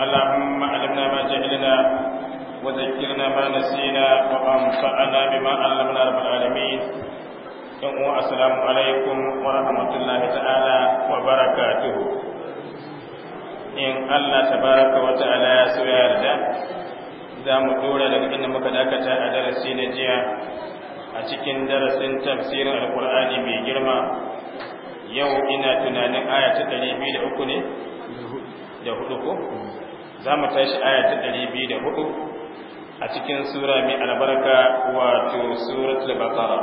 اللهم علمنا ما جهلنا وذكرنا ما نسينا وانفعنا بما علمنا رب العالمين السلام عليكم ورحمة الله تعالى وبركاته in Allah tabaraka wa ta'ala ya so ya yarda za mu dora daga inda muka dakata a darasi na jiya a cikin darasin tafsirin alkur'ani mai girma yau ina tunanin aya ta 203 ne da hudu ko za mu tashi aya ta ɗari biyu da hudu a cikin sura mai albarka wato suratul baqara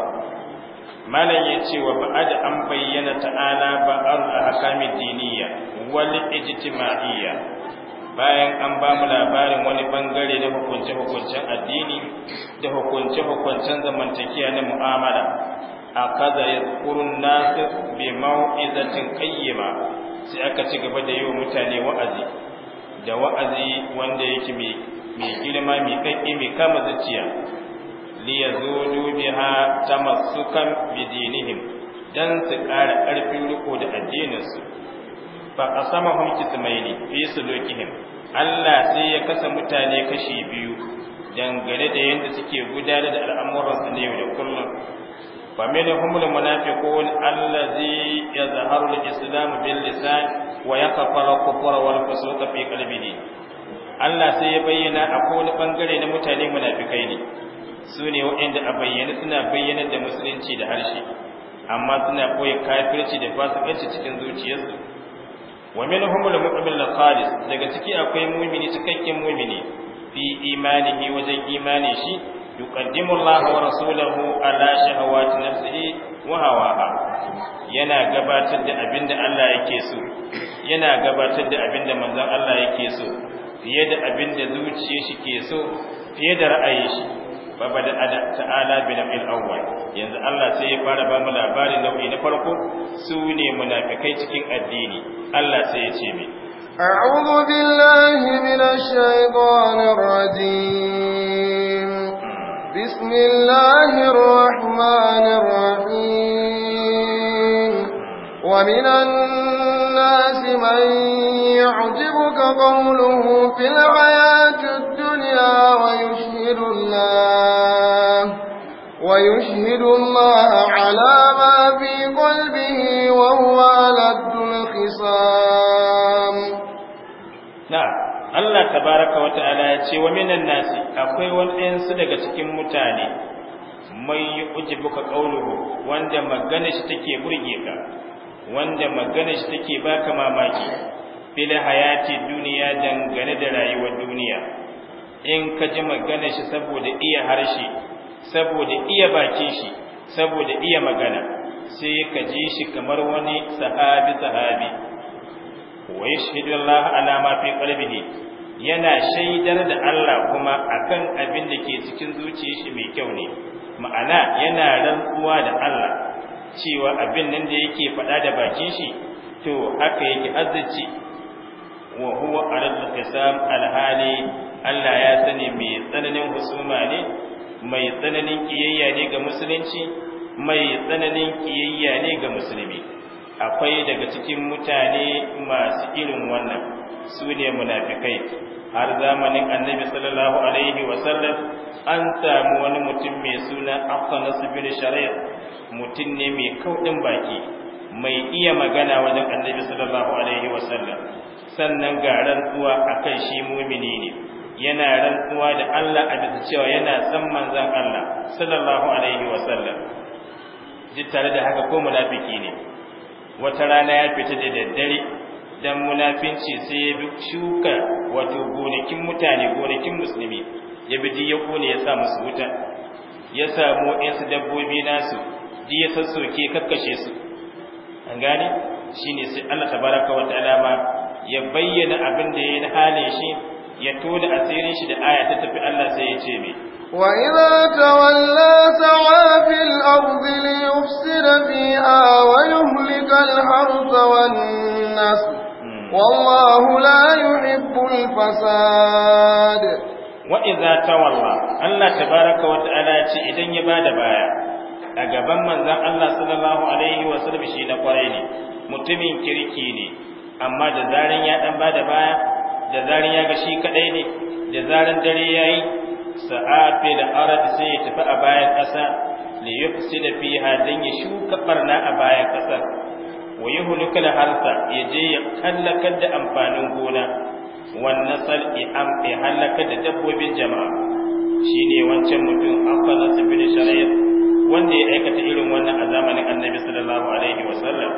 malam ya ce wa ba'ad an bayyana ta'ala ba'ar hakamin diniya wal ijtima'iyya bayan an ba mu labarin wani bangare da hukunce-hukuncen addini da hukunce-hukuncen zamantakiya na mu'amala kaza a ya kurun bai bi mau'izatin qayyima sai aka ci gaba da yi wa mutane wa'azi da wa'azi wanda yake mai girma mai kai mai kama zuciya ta biha tamassukan bidinihim dan su ƙara ƙarfin riko da addininsu fa mai kismaini fi sulukihim Allah sai ya kasa mutane kashi biyu dangane da yadda suke gudanar da al'amuransu ne da kullum فمنهم المنافقون الذي يظهر الإسلام باللسان ويقفر الكفر والفسوق في قلبه Allah sai ya bayyana a kowane bangare na mutane munafikai ne su ne waɗanda a bayyana suna bayyana da musulunci da harshe amma suna koya kafirci da fasikanci cikin zuciyarsu wa minhum al-mu'min al-khalis daga ciki akwai mu'mini cikakken mu'mini fi imanihi wajen imani shi يقدم الله ورسوله على شهوات نفسه وهواها yana gabatar da da Allah yake so yana gabatar da abin da manzon Allah yake so fiye da da zuciyar shi ke so fiye da ra'ayin shi ada ta'ala bin al-awwal yanzu Allah sai ya fara ba mu labarin nau'i na farko su ne munafikai cikin addini Allah sai ya ce mai أعوذ بالله من الشيطان الرجيم بسم الله الرحمن الرحيم ومن الناس من يعجبك قوله في الحياة الدنيا ويشهد الله ويشهد الله على ما في قلبه وهو لد Allah tabaraka wa ta'ala ya ce wa minan nasi akwai waɗansu daga cikin mutane mai buka qawluhu wanda magana shi take burge ka wanda magana shi take baka mamaki fila hayati duniya dangane da rayuwar duniya in ka ji magana shi saboda iya harshe saboda iya baki shi saboda iya magana sai ka ji shi kamar wani sahabi sahabi wa yashhadu Allah ala ma fi qalbihi yana shaidar da Allah kuma akan abin da ke cikin zuciyar shi mai kyau ne ma'ana yana rantsuwa da Allah cewa abin nan da yake faɗa da bakin shi to haka yake azzaci wa huwa aradda qisam alhali Allah ya sani mai tsananin husuma ne mai tsananin kiyayya ne ga musulunci mai tsananin kiyayya ne ga musulmi akwai daga cikin mutane masu irin wannan su ne munafikai har zamanin annabi sallallahu alaihi wasallam an samu wani mutum mai suna afsanas bin shari'a mutum ne mai kaudin baki mai iya magana wajen annabi sallallahu alaihi wasallam sannan ga rantsuwa akan shi mumini ne yana rantsuwa da Allah a bisa cewa yana san manzon Allah sallallahu alaihi wasallam duk tare da haka ko munafiki ne wata rana ya fita da daddare dan munafinci sai ya bi shuka wato gonakin mutane gonakin musulmi ya bi ya kone ya sa musu wuta ya samu yansu dabbobi nasu di ya sassoke kakkashe su an gane ne sai Allah tabaraka wa ta'ala ma ya bayyana abin da ya yayi halin shi ya tola asirin shi da aya ta tafi Allah sai ya ce mai وإذا تولى سعى في الأرض ليفسد فيها ويهلك الحرث والنسل والله لا يحب الفساد وإذا تولى الله تبارك وتعالى إذن يباد بايا a gaban manzan Allah Sallalahu alaihi wa shi na kwarai ne mutumin kirki ne amma da zaran ya dan bada baya da zaran ya shi ne da zaran dare yayi sa'ad da arabi sai ya tafi a bayan ƙasa li da fi hadin ya shuka barna a bayan ƙasar wa yuhlikal harsa ya je ya kallakar da amfanin gona wannan nasal i'am ya halaka da dabbobin jama'a shine wancan mutum afala bin shari'a wanda ya aikata irin wannan a zamanin annabi sallallahu alaihi wa sallam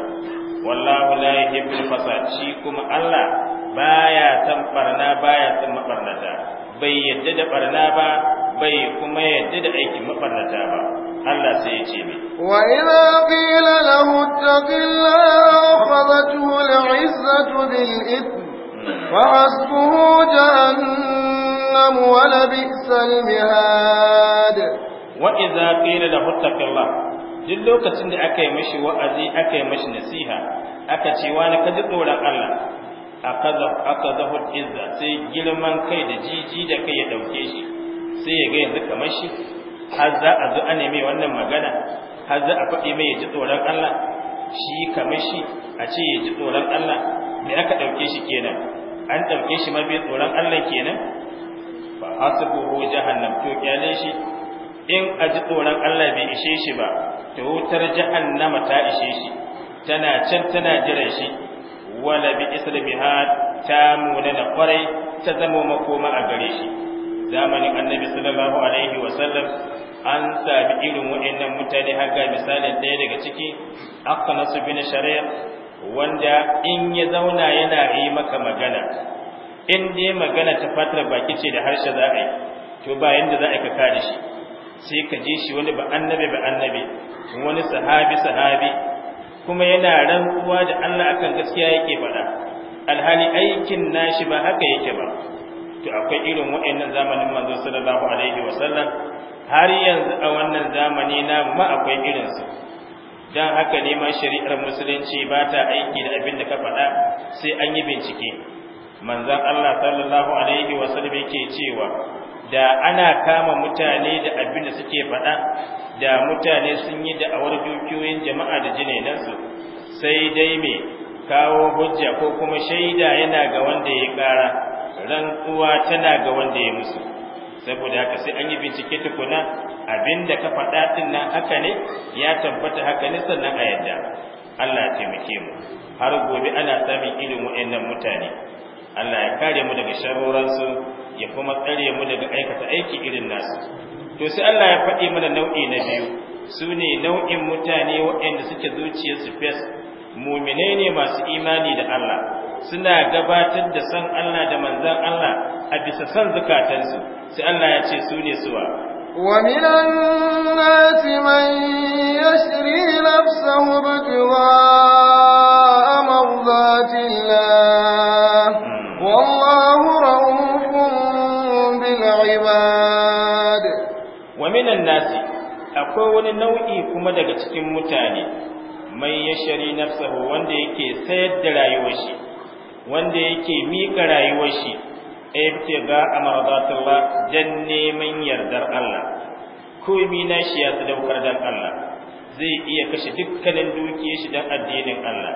wallahu la yuhibbul fasad shi kuma Allah baya san barna baya san mabarnata bai yadda da barna ba bai kuma yadda da aikin mabarnata ba Allah sai ya ce mai wa idza qila lahu taqillaha akhadhathu al'izzatu bil ithm fa asbuhu jahannam wa la bi'sal mihad wa idza qila lahu taqillaha duk lokacin da aka yi mashi wa'azi aka yi mashi nasiha aka ce wani ka ji tsoron Allah akazahu izza sai girman kai da jiji da kai ya dauke shi sai ya ga yanzu kamar shi har za a zo a mai wannan magana har za a faɗi mai ya ji tsoron Allah shi kamar shi a ce ya ji tsoron Allah me aka dauke shi kenan an dauke shi mafi tsoron Allah kenan fa hasbuhu jahannam to kyale shi in a ji tsoron Allah bai ishe shi ba to wutar jahannama ta ishe shi tana can tana jiran shi wala bi islamiha ta munana kwarai ta zama makoma a gare shi zamanin annabi sallallahu alaihi wa sallam an sami irin wa'annan mutane har ga misalin ɗaya daga ciki nasu bin shari'a wanda in ya zauna yana yi maka magana in dai magana ta fatar baki ce da harshe za a yi to ba yanda za a ka kare shi sai ka ji shi wani ba annabi ba annabi wani sahabi sahabi kuma yana rantsuwa da Allah akan gaskiya yake faɗa alhali aikin nashi ba haka yake ba to akwai irin wa'annan zamanin manzo sallallahu alaihi wasallam har yanzu a wannan zamani na ma akwai irinsu dan haka ne ma shari'ar musulunci ba ta aiki da abin da ka faɗa sai an yi bincike manzon Allah sallallahu alaihi sallam yake cewa da ana kama mutane da abin da suke faɗa da mutane sun yi da'awar dukiyoyin jama'a da jinenansu sai dai mai kawo hujja ko kuma shaida yana ga wanda ya ƙara rantsuwa tana ga wanda ya musu saboda haka sai an yi bincike tukuna abin da ka faɗa ɗin nan haka ne ya tabbata haka ne sannan a yadda Allah ya taimake mu har gobe ana samun irin wa'annan mutane Allah ya kare mu daga sharoransu ya kuma tsare mu daga aikata aiki irin nasu to sai Allah ya faɗi mana nau'i na biyu su ne nau'in mutane waɗanda suke zuciyarsu fes muminai ne masu imani da Allah suna gabatar da san Allah da manzan Allah a bisa san zukatansu sai Allah ya ce su ne suwa ومن الناس من يشري نفسه ابتغاء مرضات الله akwai wani nau'i kuma daga cikin mutane mai yashari tsaho wanda yake sayar da rayuwar shi wanda yake mika rayuwar shi a amradatillah dan neman yardar Allah komai na shi ya sadaukar dan Allah zai iya kashe dukkanin dukiyar shi don addinin Allah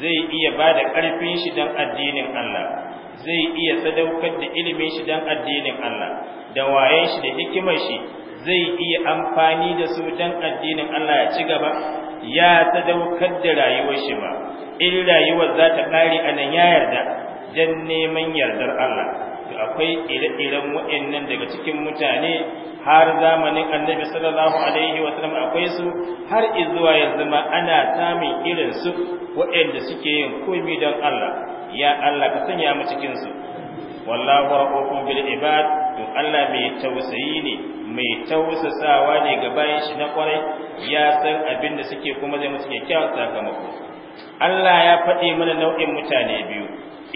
zai iya ba da ƙarfin shi don addinin Allah zai iya sadaukar da ilimin shi don addinin Allah da wayan shi da hikimar shi zai iya amfani da su don addinin Allah ya ci gaba ya sadaukar da rayuwar shi ba in rayuwar za ta kare a nan ya yarda don neman yardar Allah to akwai ire-iren waɗannan daga cikin mutane har zamanin annabi sallallahu alaihi wa sallam akwai su har izuwa yanzu ma ana samun irin su waɗanda suke yin komi don Allah ya Allah ka sanya mu cikin su wallahu rabbukum bil ibad to Allah mai tausayi ne mai tausasawa ne ga bayan shi na kwarai ya san abin da suke kuma zai musu kyakkyawan sakamako Allah ya faɗi mana nau'in mutane biyu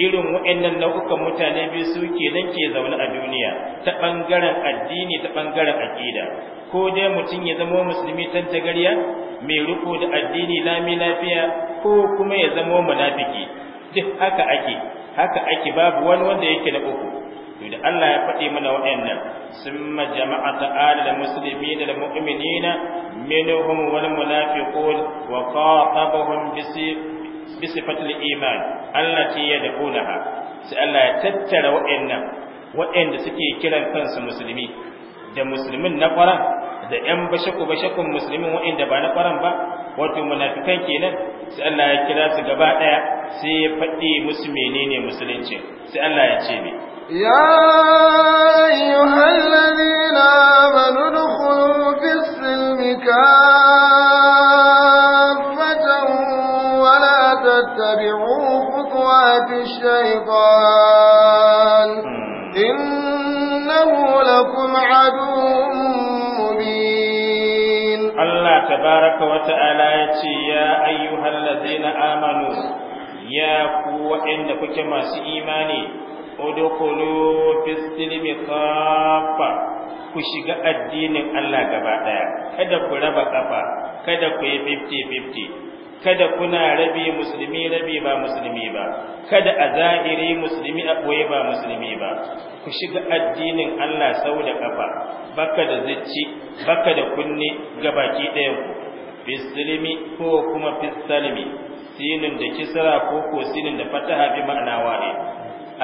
irin waɗannan nau'ukan mutane biyu su ke nan ke zaune a duniya ta ɓangaren addini ta ɓangaren aƙida ko dai mutum ya zama musulmi tan gariya mai riko da addini lami lafiya ko kuma ya zama munafiki duk haka ake haka ake babu wani wanda yake na uku to da Allah ya faɗi mana waɗannan summa jama'ata alal muslimina lil mu'minina minhum wal munafiqun wa qatabahum bi sifatil iman allati yad'unaha sai Allah ya tattara waɗannan waɗanda suke kiran kansu musulmi da musulmin na ƙwaran da ƴan bashaku bashakun musulmin waɗanda ba na ƙwaran ba wato munafikan kenan sai Allah ya kira su gaba daya sai ya faɗi musu menene musulunci sai Allah ya ce ne ya ayyuhallazina amanu dukhulu fis silmi kafatan wa la tattabi'u khutuwatish shaytan tabaraka wa ta'ala ya ce ya ayyuhal ladzina amanu ya ku waɗanda kuke masu imani udkhulu fis silmi kafa ku shiga addinin Allah gaba ɗaya. kada ku raba kafa kada ku yi 50-50 kada kuna rabi musulmi rabi ba musulmi ba kada a zahiri musulmi a ɓoye ba musulmi ba ku shiga addinin Allah sau da kafa baka da zicci baka da kunne gabaki ɗayan bislimi ko kuma fisalimi sinin da kisra ko ko sinin da fataha bi ma'ana wahid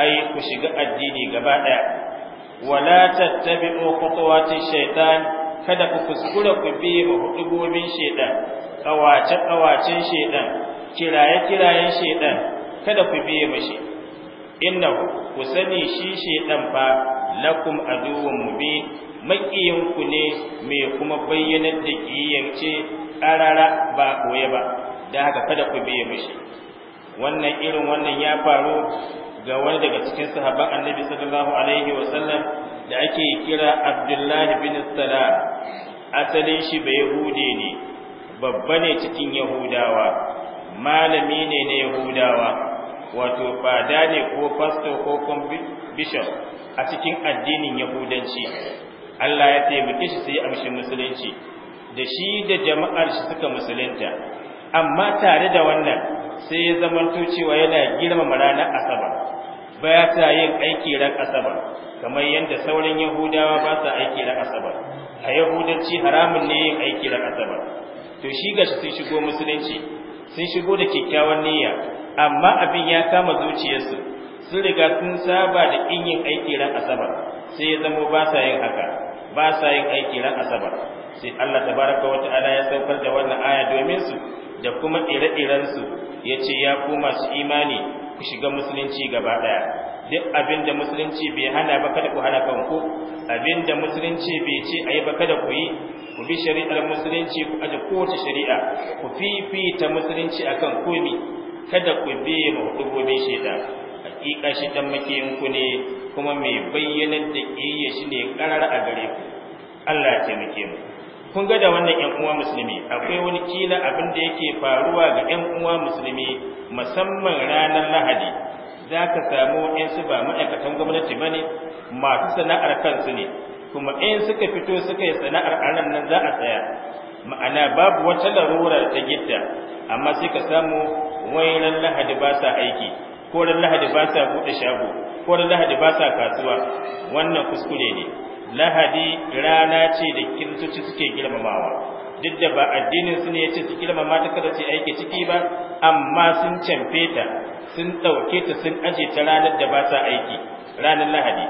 ai ku shiga addini gaba daya wala tattabi'u khutuwati shaytan kada ku kuskura ku bi mahudubobin shaytan kawace kawacen shaytan kiraye kirayen shaytan kada ku bi mashi innahu ku sani shi shaytan fa lakum aduwwun mubin makiyinku ne mai kuma bayyanar da kiyance ƙarara ba a koye ba da haka kada ku biye mishi wannan irin wannan ya faru ga wani daga cikin sahabban annabi sallallahu alaihi wa sallam da ake kira abdullahi bin salam asalin shi bai yahude ne babba ne cikin yahudawa malami ne na yahudawa wato fada ne ko pastor ko bishop a cikin addinin yahudanci Allah ya taimake shi sai amshin musulunci da shi da jama'ar shi suka musulunta amma tare da wannan sai ya zamanto cewa yana girmama ranar asabar ya ta yin aiki ran asabar kamar yadda sauran yahudawa ba sa aiki ran asabar a yahudanci haramun ne yin aiki ran asabar to shi ga sun shigo musulunci sun shigo da kyakkyawan niyya amma abin ya kama zuciyarsu sun riga sun saba da kin yin aiki ran asabar sai ya zama ba sa yin haka ba sa yin aiki ran asabar sai Allah tabaraka wa ta'ala ya saukar da wannan aya domin su da kuma ire-iren su yace ya ku masu imani ku shiga musulunci gaba daya duk abin da musulunci bai hana ba kada ku hana kanku abin da musulunci bai ce ayi ba kada ku yi ku bi shari'ar musulunci ku aje kowace shari'a ku fifita musulunci akan komi kada ku bi ma hukumomin shaitan hakika shi dan makiyin ku ne kuma mai bayyana da kiyayya shi ne karar a gare ku Allah ya taimake mu kun ga da wannan ƴan uwa musulmi akwai wani kila abin da yake faruwa ga 'yan uwa musulmi musamman ranar lahadi za ka samu 'yansu ba ma'aikatan gwamnati ba ne masu sana'ar kansu ne kuma in suka fito suka yi sana'ar anan nan za a tsaya ma'ana babu wata larurar ta gidda amma sai ka samu wai ran lahadi ba sa aiki ko ran lahadi ba sa buɗe shago ko ran lahadi ba sa kasuwa wannan kuskure ne lahadi rana ce da kintoci suke girmamawa duk da ba addinin su ne ya ce su girmama ta kada su aiki ciki ba amma sun canfe ta sun ɗauke ta sun aje ta ranar da ba ta aiki ranar lahadi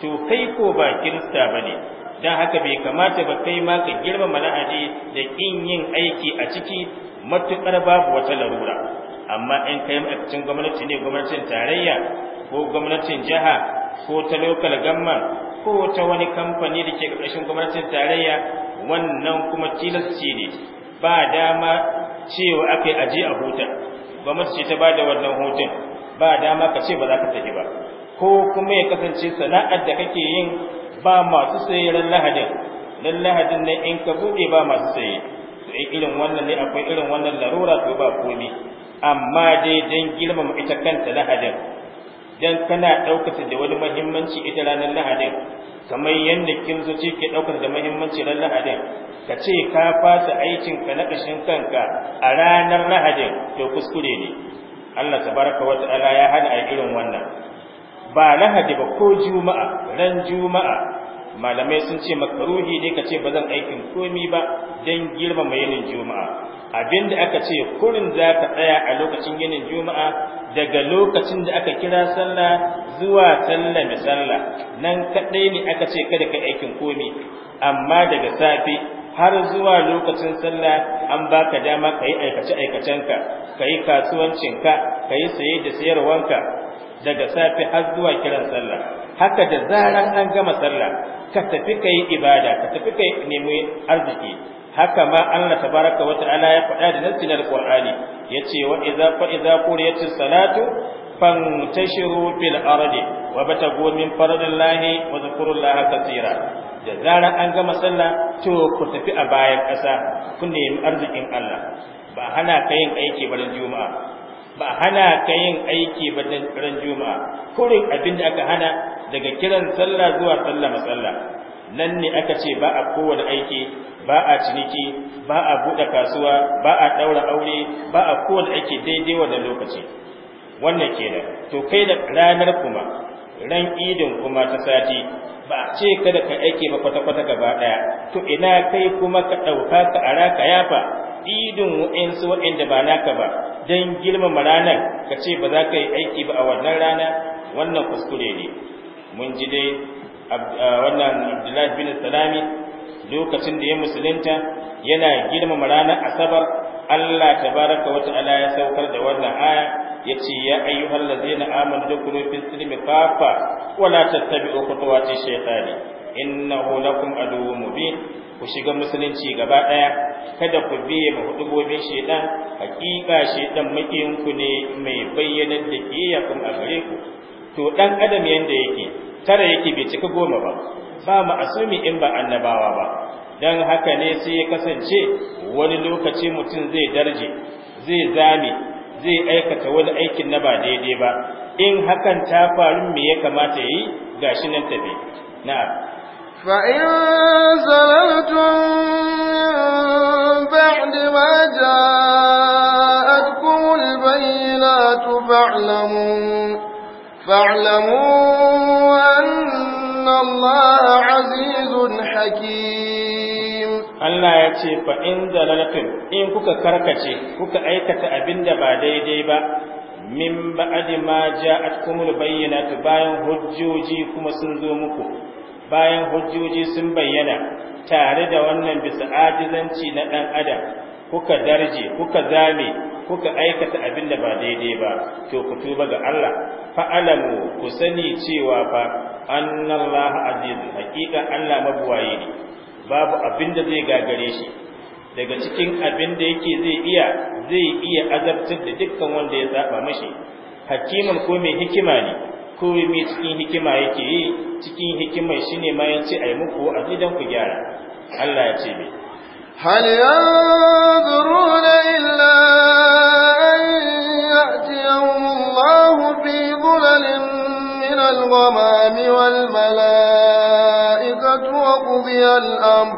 to kai ko ba kirista ba ne don haka bai kamata ba kai ma ka girmama lahadi da kin yin aiki a ciki matuƙar babu wata larura amma in kai cikin gwamnati ne gwamnatin tarayya ko gwamnatin jiha ko ta local gamma ko ta wani kamfani da ke ƙarƙashin gwamnatin tarayya wannan kuma tilasci ne ba dama cewa aka yi aje a huta gwamnati ce ta ba da wannan hutun ba dama ka ce ba za ka tafi ba ko kuma ya kasance sana'ar da kake yin ba masu saye ran lahadin ran lahadin ne in ka buɗe ba masu saye to irin wannan ne akwai irin wannan larura to ba komi amma dai don girmama ita kanta lahadin Idan kana ɗaukata da wani mahimmanci ita ranar lahadin kamar yadda ce ke ɗaukar da mahimmanci ranar lahadin ka ce ka fasa aikin ka na ƙashin kanka a ranar lahadin to kuskure ne Allah tabaraka wa ta'ala ya hana a irin wannan ba lahadi ba ko juma'a ran juma'a malamai sun ce makaruhi ne ka ce ba zan aikin komi ba don girmama yin juma'a Abin da aka ce kurin za ka tsaya a lokacin yinin juma'a daga lokacin da aka kira sallah zuwa sallah da sallah nan kaɗai ne aka ce kada ka aikin komi amma daga safe har zuwa lokacin sallah an baka dama ka yi aikace aikacenka ka yi kasuwancinka ka yi saye da sayarwanka daga safe har zuwa kiran sallah haka da zaran an gama sallah ka tafi ka yi ibada ka tafi ka nemi arziki haka ma Allah tabaraka wa ta'ala ya faɗa da nassin alqur'ani yace wa idza fa idza quriyatis salatu fantashiru fil ardi wa batagu min faradillahi wa zkurullaha katira da zara an gama sallah to ku tafi a bayan ƙasa ku nemi arzikin Allah ba hana ka yin aiki ba juma'a ba hana ka yin aiki ba ran juma'a kurin abin da aka hana daga kiran sallah zuwa sallah masalla nan ne aka ce ba a kowane aiki ba a ciniki ba a buɗe kasuwa ba a ɗaura aure ba a kowane aiki daidai wannan lokaci wannan kenan to kai da ranar kuma ran idin kuma ta sati ba a ce kada ka aiki ba kwata-kwata gaba ɗaya to ina kai kuma ka ɗauka ka araka yafa idin wa'insu wa'inda ba naka ba don girmama ranar ka ce ba za ka yi aiki ba a wannan rana wannan kuskure ne mun ji dai Ah, wannan abdullahi bin salami lokacin da ya musulunta yana girmama ranar asabar Allah tabaraka wa ta'ala ya saukar da wannan aya yace ya ayyuhal ladina amanu dukunu fil silmi kafa wa la tattabi'u khutuwati shaytani innahu lakum aduwwun mubin ku shiga musulunci gaba daya kada ku biye ma shaytan hakika shaytan makiyinku ne mai bayyana da kiyakum a gare ku to dan adam yanda yake tara yake bai cika goma ba ba mu asumi in ba annabawa ba dan haka ne sai ya kasance wani lokaci mutum zai darje zai zame zai aikata wani aikin na ba daidai ba in hakan ta faru me ya kamata yi? gashi nan tafi na'am fa in zalaltum ba'd ma ja'atkum bayyinatu fa'lamu فاعلموا أن الله عزيز حكيم Allah ya ce fa in dalaltum in kuka karkace kuka aikata abin da ba daidai ba min ba'di ma ja'atkumul bayyinatu bayan hujjoji kuma sun zo muku bayan hujjoji sun bayyana tare da wannan bisa ajizanci na ɗan adam kuka darje kuka zame kuka aikata abin da ba daidai ba to ku tuba ga Allah fa'alamu ku sani cewa fa laha azizun haƙiƙa Allah mabuwaye ne babu abin da zai gagare shi daga cikin abin da yake zai iya zai iya azabtar da dukkan wanda ya zaɓa mashi hakiman ko mai hikima ne ko mai cikin hikima yake yi cikin hikimar shine ma yace ai muku azidan ku gyara Allah ya ce mai hal yanzuruna illa في ظلل من الغمام والملائكة وقضي الأمر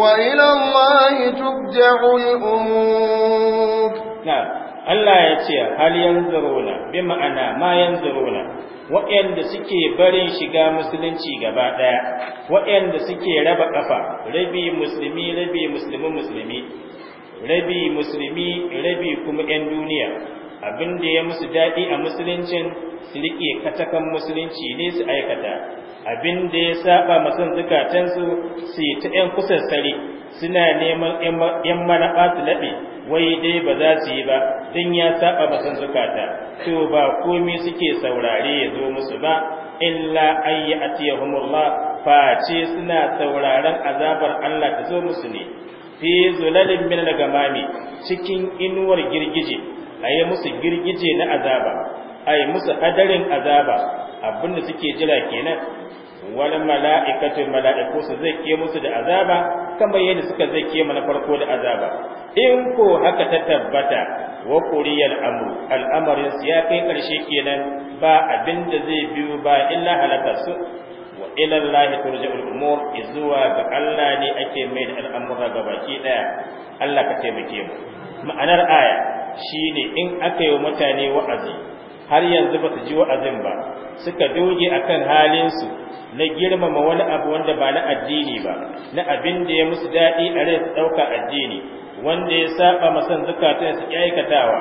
وإلى الله ترجع الأمور نعم Allah ya ce hal yanzuruna bi ma'ana ma yanzuruna waɗanda suke barin shiga musulunci gaba ɗaya waɗanda suke raba ƙafa rabi musulmi rabi musulmi musulmi rabi musulmi rabi kuma 'yan duniya abin da ya musu daɗi a musuluncin su riƙe katakan musulunci ne su aikata abin da ya saba masan zukatansu su yi ta ‘yan kusassari suna neman ‘yan maraɓa su laɓe wai dai ba za su yi ba don ya saba masan zukata to ba komi suke saurare ya zo musu ba illa an yi atiyahumullah face suna sauraren azabar Allah ta zo musu ne fi zulalin min al-gamami cikin inuwar girgije a yi musu girgije na azaba a yi musu hadarin azaba abinda suke jira kenan wani mala'ikatu mala'iku su zai ke musu da azaba kamar yadda suka zai ke mana farko da azaba in ko haka ta tabbata wa kuriyar al'amarin su ya kai ƙarshe kenan ba abin da zai biyu ba illa halaka su wa ilallahi turja'ul umur zuwa ga Allah ne ake mai da al'amura baki ɗaya. Allah ka taimake mu ma'anar aya shine in aka yi mutane wa'azi har yanzu ba su ji wa'azin ba suka doge akan halinsu na girmama wani abu wanda ba na addini ba na abin da ya musu daɗi a rai su ɗauka addini wanda ya saba masan zukatan su aikatawa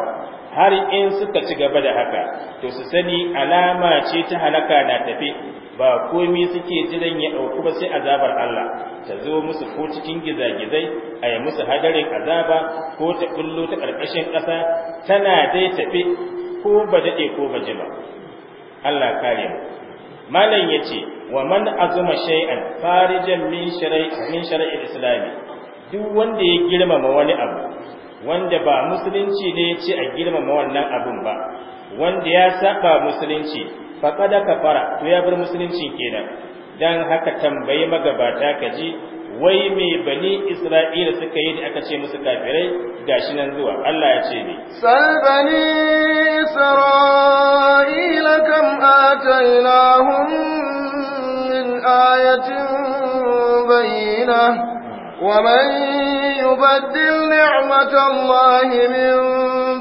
har in suka ci gaba da haka to su sani alama ce ta halaka na tafi ba komi suke jiran ya dauku ba sai azabar Allah ta zo musu ko cikin gizagizai a yi musu hadarin azaba ko ta kullo ta ƙarƙashin ƙasa, tana dai tafi ko ba dade ko ba jima Allah kare mu malam yace wa man azuma shay'an farijan min shar'i min shar'i islami duk wanda ya girmama wani abu wanda ba musulunci ne ya ce a girmama wannan abun ba wanda ya saba musulunci faqad kafara to ya bar musulunci kenan dan haka tambayi magabata kaji wai me bani isra'ila suka yi da aka ce musu kafirai gashi nan zuwa Allah ya ce ne sal bani isra'ila kam atainahum min ayatin bayyinah ومن يبدل نعمة الله من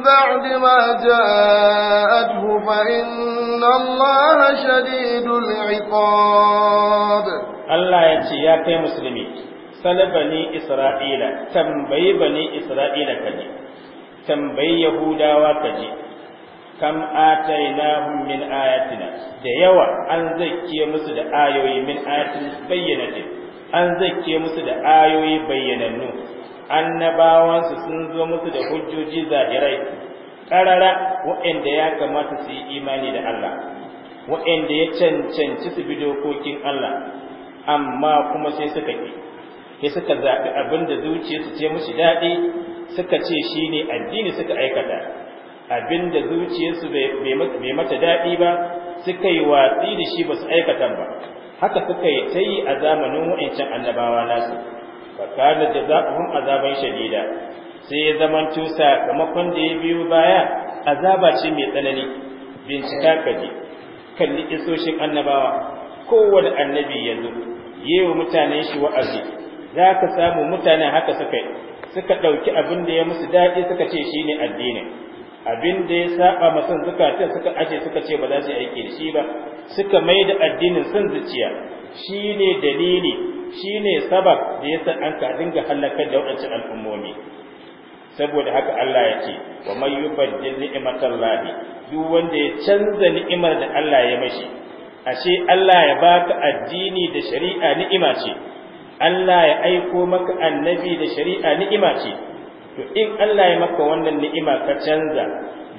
بعد ما جاءته فإن الله شديد العقاب الله يتي يا مسلمي سل بني إسرائيل تنبي بني إسرائيل كجي تنبي يهودا وكجي كم آتيناهم من آياتنا da أنزكي an آيوي من musu da an zakke musu da ayoyi bayyanannu annabawansu sun zo musu da hujjoji zahirai karara waɗanda ya kamata su yi imani da Allah waɗanda ya cancanci su bi dokokin Allah amma kuma sai suka ki sai suka zaɓi abinda da zuciyarsu ce musu daɗi suka ce shine addini suka aikata abinda da zuciyarsu bai mata daɗi ba suka yi watsi da shi ba su aikatan ba haka suka yi ta yi a zamanin wa’ancin annabawa nasu fa kana jazaohum azaban shadida sai ya tusa sakamakon da ya biyo baya azaba ce mai tsanani bincika kaji kalli isoshin annabawa kowane annabi yanzu yewa mutane shi wa'azi za ka samu mutanen haka suka yi. suka ɗauki abin da ya musu daɗi suka ce shi ne addinin abin da ya saba ma son zukatan suka ajiye suka ce ba za su aiki da shi ba suka mai da addinin son zuciya shine dalili shine sabab da ya san an ka dinga halakar da waɗancan al'ummomi saboda haka Allah ya ce wa man yubaddil ni'matallahi duk wanda ya canza ni'imar da Allah ya mashi ashe Allah ya baka addini da shari'a ni'ima ce Allah ya aiko maka annabi da shari'a ni'ima ce to in Allah ya maka wannan ni'ima ka canza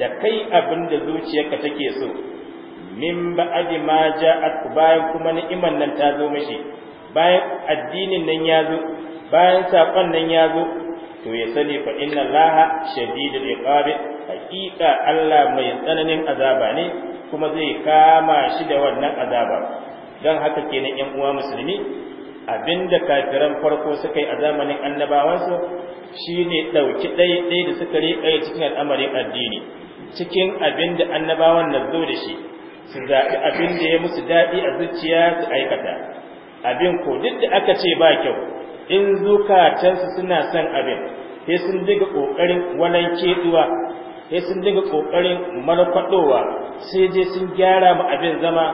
da kai abin da zuciyarka take so min ba'adi ma ja'at bayan kuma ni'iman nan ta zo mishi bayan addinin nan ya zo bayan sakon nan ya zo to ya sani fa inna Laha shadidul iqabi haqiqa Allah mai tsananin azaba ne kuma zai kama shi da wannan azaba dan haka kenan 'yan uwa musulmi abinda kafiran farko suka yi a zamanin annabawansu shine ɗauki ɗaya-ɗaya da suka riƙa cikin al'amarin addini cikin abinda annabawan na zo da shi su zaɓi abin da ya musu daɗi a zuciya su aikata abin ko duk da aka ce ba kyau in zukatansu suna son abin sai sun diga ƙoƙarin wannan duwa sai sun diga kokarin marfadowa sai je sun gyara mu abin zama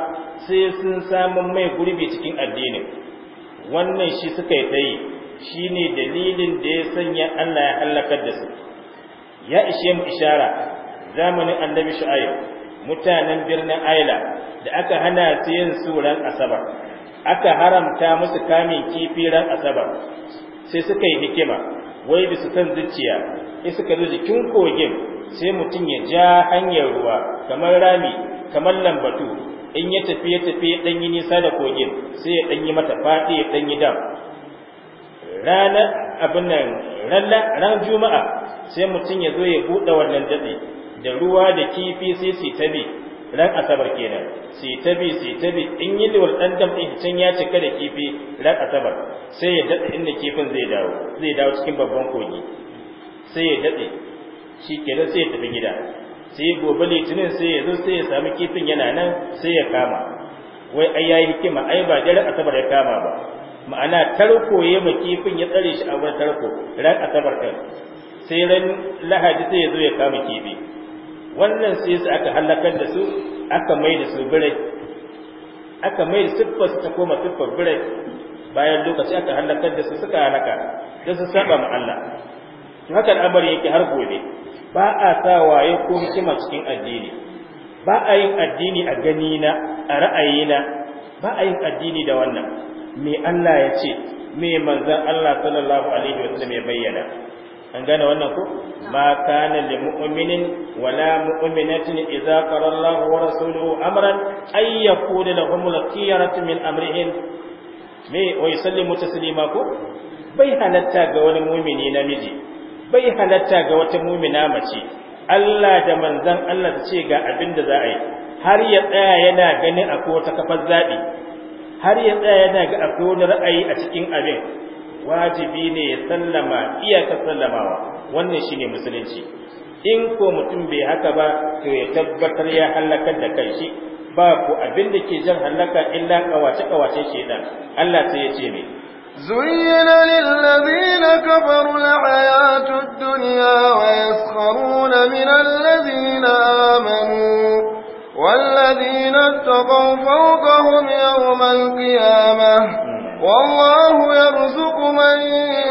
sai sun samu mai gurbi cikin addinin wannan shi suka yi tsaye shi ne dalilin da ya sanya Allah ya hallakar da su ya ishe mu ishara zamanin annabi shu'aib mutanen birnin aila da aka hana su yin suran asabar aka haramta musu kamin kifi ran asabar sai suka yi hikima wai bisu kan zuciya sai suka zo jikin kogin sai mutum ya ja hanyar ruwa kamar rami kamar lambatu in ya tafi ya tafi ya ɗanyi nisa da kogin sai ya ɗanyi mata faɗi ya ɗanyi dam ranar abin nan ran juma'a sai mutum ya zo ya buɗe wannan daɗe da ruwa da kifi sai su tabi ran asabar kenan su tabi su tabi in yi liwar ɗan dam ɗin can ya cika da kifi ran asabar sai ya daɗe inda kifin zai dawo zai dawo cikin babban kogi sai ya daɗe shi kenan sai ya tafi gida sai gobe litinin sai ya zo sai ya sami kifin yana nan sai ya kama wai ai yayi hikima ai ba dare asabar ya kama ba ma'ana tarko ya ma kifin ya tsare shi a wurin tarko ran asabar ɗin sai ran lahadi sai ya zo ya kama kifi wannan sai su aka halakar da su aka mai da su birai aka mai da siffar su ta koma siffar birai bayan lokaci aka halakar da su suka halaka da su saba ma Allah to haka al'amari yake har gobe ba a sa waye ko hikima cikin addini ba a yin addini a gani na a ra'ayina ba a yin addini da wannan me Allah ya ce me manzon Allah sallallahu alaihi wa sallam ya bayyana an gane wannan ko ma kana lil mu'minin wala mu'minatin idza qara Allah wa rasuluhu amran ay yakuna lahum al-khiyaratu min amrihim me wa yusallimu taslima ko bai halatta ga wani mu'mini namiji bai halatta ga wata mumina mace Allah da manzon Allah ta ce ga abin da za a yi har ya tsaya yana ganin akwai wata kafar zaɓi har ya tsaya yana ga akwai wani ra'ayi a cikin abin wajibi ne ya sallama iyaka sallamawa wannan shine musulunci in ko mutum bai haka ba to ya tabbatar ya halaka da kai ba ko abin da ke jan halaka illa kawace kawace shedan Allah sai ya ce mai زين للذين كفروا الحياة الدنيا ويسخرون من الذين آمنوا والذين اتقوا فوقهم يوم القيامة والله يرزق من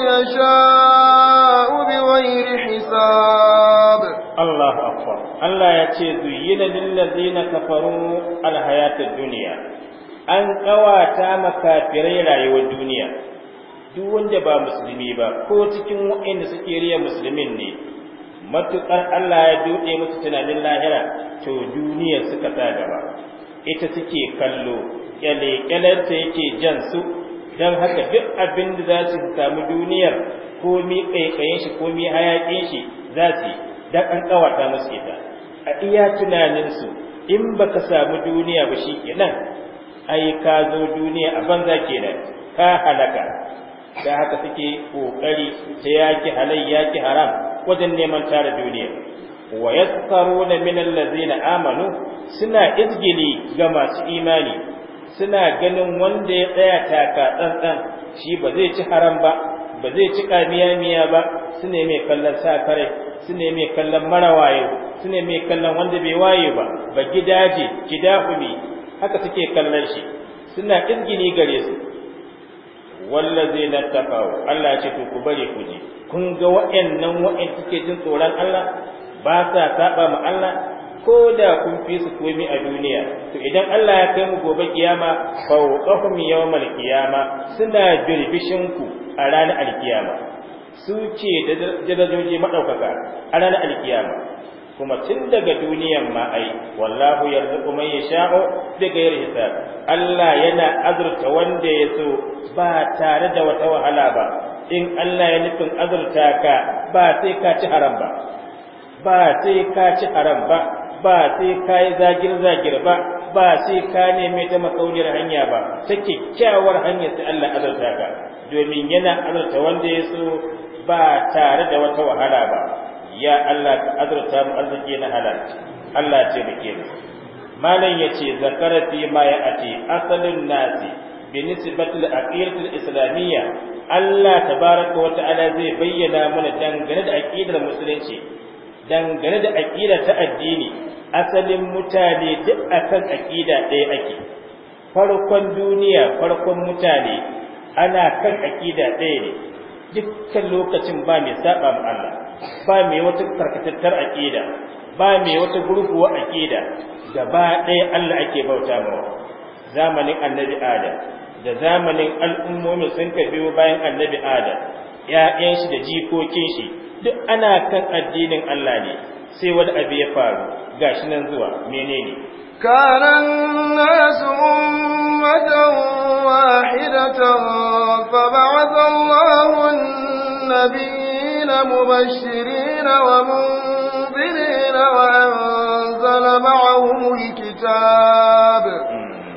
يشاء بغير حساب الله أكبر الله يتي زين للذين كفروا الحياة الدنيا أن قواتا مكافرين رأيوا الدنيا duk wanda ba musulmi ba ko cikin waɗanda suke riya musulmin ne matuƙar Allah ya dode musu tunanin lahira to duniya suka sa gaba ita suke kallo kyale ta yake jan su don haka duk abin da za su samu duniyar komi ƙaiƙayin shi ko mi hayakin shi za su yi an musu ita a iya tunaninsu in baka samu duniya ba shi kenan ai ka zo duniya a banza kenan ka halaka da haka suke kokari ta yaki halai yaki haram wajen neman tara duniya wa na min allazina amanu suna izgili ga masu imani suna ganin wanda ya tsaya taka tsantsan shi ba zai ci haram ba ba zai ci kamiya miya ba su mai kallon sa Sune su mai kallon marawaye su ne mai kallon wanda bai waye ba ba gidaje gidahumi haka suke kallon shi suna izgini gare su wallazi na tafawo Allah ce ku bari ku je. kun ga wayannan waɗanda suke jin tsoron Allah ba sa saba mu Allah ko da kun fi su komi a duniya to idan Allah ya kai mu gobe kiyama fawqahum yawmal kiyama suna birbishin ku a ranar alkiyama su ce da darajoji madaukaka a ranar alkiyama kuma tun daga duniyan ma ai wallahu yarzuqu man yasha'u ghairi hisab Allah yana azurta wanda ya so ba tare da wata wahala ba in Allah ya nufin azurta ka ba sai ka ci haram ba ba sai ka ci haram ba ba sai ka yi zagir zagir ba ba sai ka neme ta makauniyar hanya ba ta kyakkyawar hanya sai Allah azurta ka domin yana azurta wanda ya so ba tare da wata wahala ba ya Allah ka azurta mu arziki na halal Allah ya taimake mu malam yace zakara fi ma ya ati asalin nasi bi nisbati al islamiyya Allah tabaraka wa ta'ala zai bayyana mana dangane da aqidar musulunci dangane da aqida ta addini asalin mutane duk akan aqida ɗaya ake farkon duniya farkon mutane ana kan aqida ɗaya ne dukkan lokacin ba mai saba ma Allah ba mai wata karkatattar aqida ba mai wata gurguwa aqida gaba ɗaya Allah ake bauta mawa zamanin annabi Adam da zamanin al'ummomin sun ka biyo bayan annabi Adam ‘ya'yan shi da jikokin shi duk ana kan addinin Allah ne sai wani abu ya faru Ga gashi nan zuwa menene nasu ummatan wahidatan fa فبعث الله النبي مبشرين ومنذرين وأنزل معهم الكتاب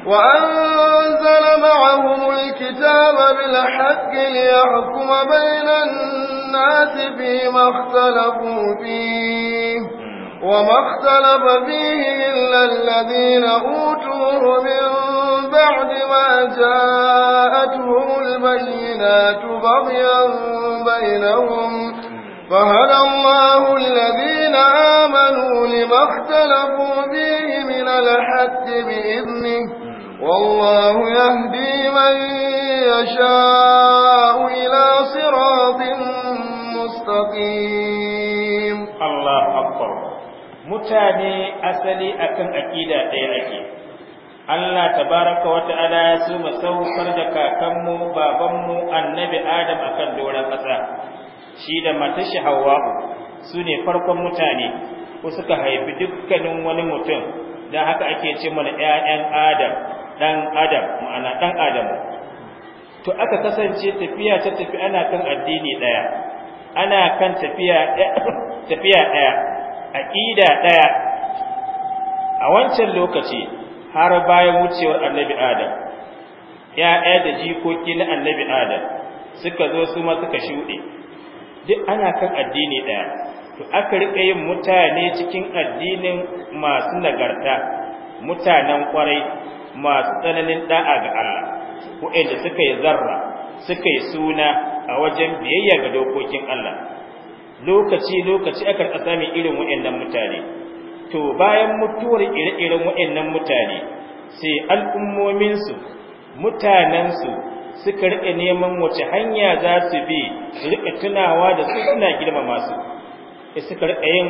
وأنزل معهم الكتاب بالحق ليحكم بين الناس فيما اختلفوا فيه وما اختلف فيه إلا الذين أوتوه من بعد ما جاءتهم البينات بغيا بينهم فهدى الله الذين آمنوا لما اختلفوا فيه من الحق بإذنه والله يهدي من يشاء إلى صراط مستقيم الله أكبر متاني أسلي أكن أكيدا أكيد Allah tabaraka wa ta'ala ya so mu saukar da kakanmu babanmu annabi Adam akan doron ƙasa shi da matar shi Hawwa'u su ne farkon mutane ko suka haifi dukkanin wani mutum don haka ake ce mana yayan Adam ɗan Adam ma'ana ɗan Adam to aka kasance tafiya ta tafi ana kan addini ɗaya, ana kan tafiya ɗaya a ƙida ɗaya. a wancan lokaci har bayan wucewar annabi Adam ya'ya da jikoki na annabi Adam suka zo su ma suka shuɗe duk ana kan addini ɗaya to aka riƙa yin mutane cikin addinin masu nagarta mutanen kwarai, masu tsananin ɗa'a ga Allah inda suka yi zarra suka yi suna a wajen biyayya ga dokokin Allah lokaci lokaci aka riƙa samun irin wa'annan mutane to bayan mutuwar ire-iren wa'annan mutane sai al'ummominsu mutanensu suka rike neman wace hanya za su bi su rike tunawa da su suna girmama su e suka rike yin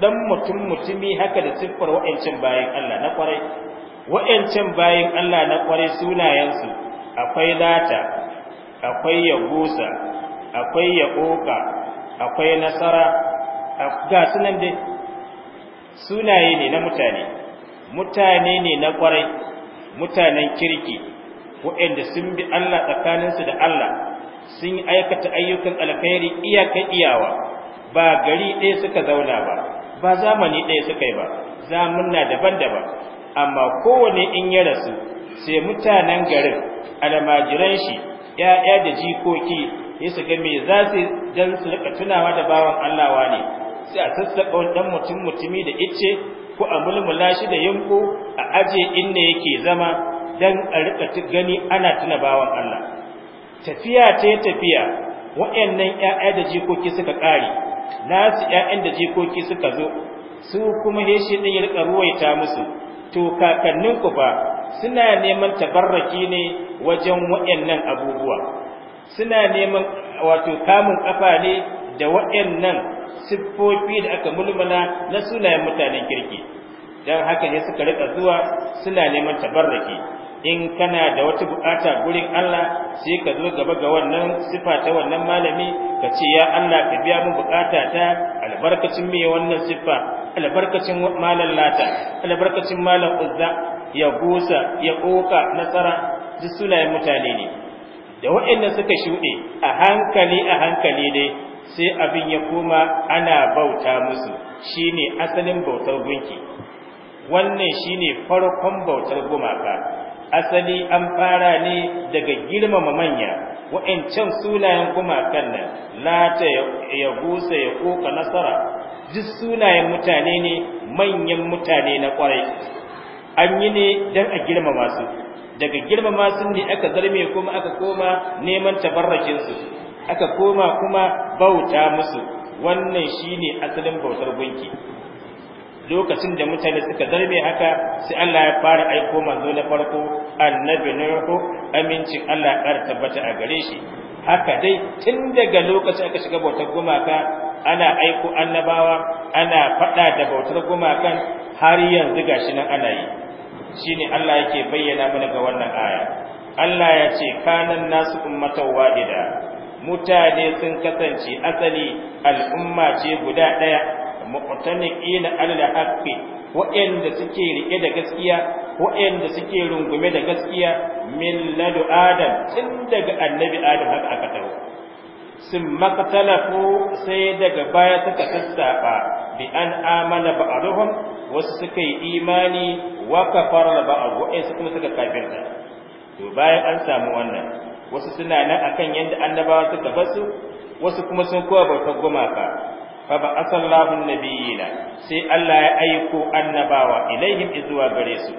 dan mutum mutumi haka da siffar wa'ancin bayan Allah na kwarai wa'ancin bayan Allah na kwarai sunayensu akwai lata akwai yagusa akwai yaquka akwai nasara ga sunan dai sunaye ne na mutane mutane ne na kwarai mutanen kirki waɗanda sun bi Allah tsakaninsu da Allah sun yi aikata ayyukan alkhairi iyaka iyawa ba gari ɗaya suka zauna ba ba zamani ɗaya suka yi ba zamanna daban-daban amma kowane in ya rasu sai mutanen garin almajiran shi ‘ya'ya da jikoki ya su ga me za su don su rika tunawa da bawan Allah ne sai a sassaƙa wani ɗan mutum mutumi da icce ko a mulmula shi da yunƙu a aje inda yake zama dan a rika gani ana tuna bawan Allah tafiya ce tafiya waɗannan ƴaƴa da jikoki suka ƙare nasu ƴaƴan da jikoki suka zo su kuma heshi din ya rika ruwaita musu to kakannin ku fa suna neman tabarraki ne wajen waɗannan abubuwa suna neman wato kamun kafa ne da waɗannan siffofi da aka mulmula na sunayen mutanen kirki dan haka ne suka rika zuwa suna neman tabarraki in kana da wata bukata gurin Allah sai ka zo gaba ga wannan sifa ta wannan malami ka ce ya Allah ka biya mu bukata ta albarkacin mai wannan sifa albarkacin malam lata albarkacin malam uzza ya gusa ya koka nasara duk sunayen mutane ne da waɗanda suka shuɗe a hankali a hankali dai sai abin ya koma ana bauta musu shine asalin bautar gunki wannan shine farkon bautar gumaka asali an fara ne daga girmama manya wa'ancan sunayen gumakan nan lata ya gusa ya koka nasara duk sunayen mutane ne manyan mutane na kwarai an yi ne dan a girmama su daga girmama su ne aka zarme kuma aka koma neman tabarrakinsu aka koma kuma bauta musu wannan shine asalin bautar gunki lokacin da mutane suka zarbe haka sai Allah ya fara aiko manzo na farko annabi nuhu amincin Allah ya tabbata a gare shi haka dai tun daga lokacin aka shiga bautar gumaka ana aiko annabawa ana faɗa da bautar gumakan har yanzu gashi nan ana yi shine Allah yake bayyana mana ga wannan aya Allah ya ce kanan nasu ummatan wahida mutane sun kasance asali al'umma ce guda ɗaya muqtani'ina alal haqqi inda suke rike da gaskiya inda suke rungume da gaskiya min ladu adam tun daga annabi adam haka aka tawo sun maqtalafu sai daga baya suka sassaɓa bi an amana ba'dhum wasu suka yi imani wa kafara ba'd wa kuma suka kafirta to bayan an samu wannan wasu suna nan akan yanda annabawa suka basu wasu kuma sun kowa bautar gumaka fa ba asallahu nabiyina sai Allah ya aiko annabawa ilaihim izuwa gare su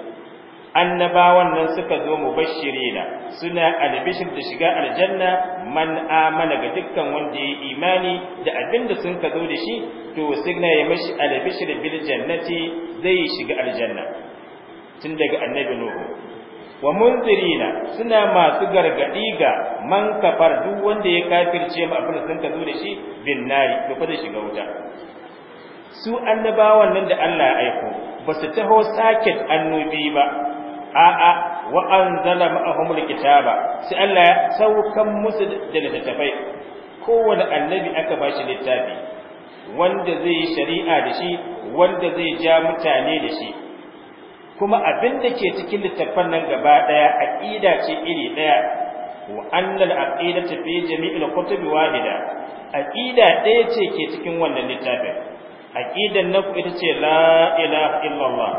annabawan nan suka zo mu mubashirina suna albishir da shiga aljanna man amana ga dukkan wanda ya imani da abinda da sun ka zo da shi to signa ya mashi albishir bil jannati zai shiga aljanna tun daga annabi nuhu wa munzirina suna masu gargadi ga man kafar duk wanda ya kafirce ma abin da sun ka zo da shi bin nari to fa da shiga wuta su annabawan nan da Allah ya aiko ba su taho saket annubi ba a'a wa anzala ma'ahum alkitaba sai Allah ya saukan musu da littattafai kowane annabi aka ba shi littafi wanda zai yi shari'a da shi wanda zai ja mutane da shi kuma abin da ke cikin littattafan nan gaba ɗaya aƙida ce iri ɗaya wa annal aqida ta fi jami'il kutubi wahida aqida ɗaya ce ke cikin wannan littafin aqidan na ku ita ce la ilaha illallah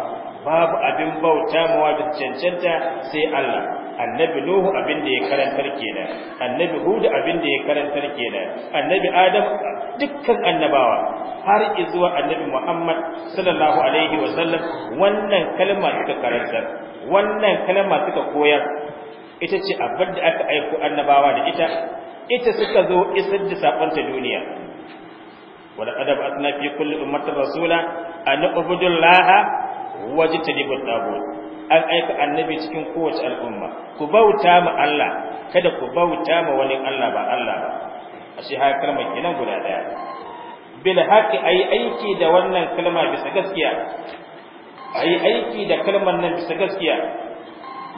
babu abin bauta mawa da cancanta sai Allah annabi nuhu abin da ya karantar kenan annabi hudu abin da ya karantar kenan annabi adam dukkan annabawa har zuwa annabi muhammad sallallahu alaihi wa sallam wannan kalma suka karantar wannan kalma suka koyar ita ce abin da aka aiko annabawa da ita ita suka zo isar da sakon ta duniya ولقد بعثنا في كل أمة رسولا أن اعبدوا الله واجتنبوا الطاغوت an aika annabi cikin kowace al'umma ku bauta ma Allah kada ku bauta ma wani Allah ba Allah ba ashe ha kalmar kenan guda daya bil haqi ayi aiki da wannan kalma bisa gaskiya ayi aiki da kalmar nan bisa gaskiya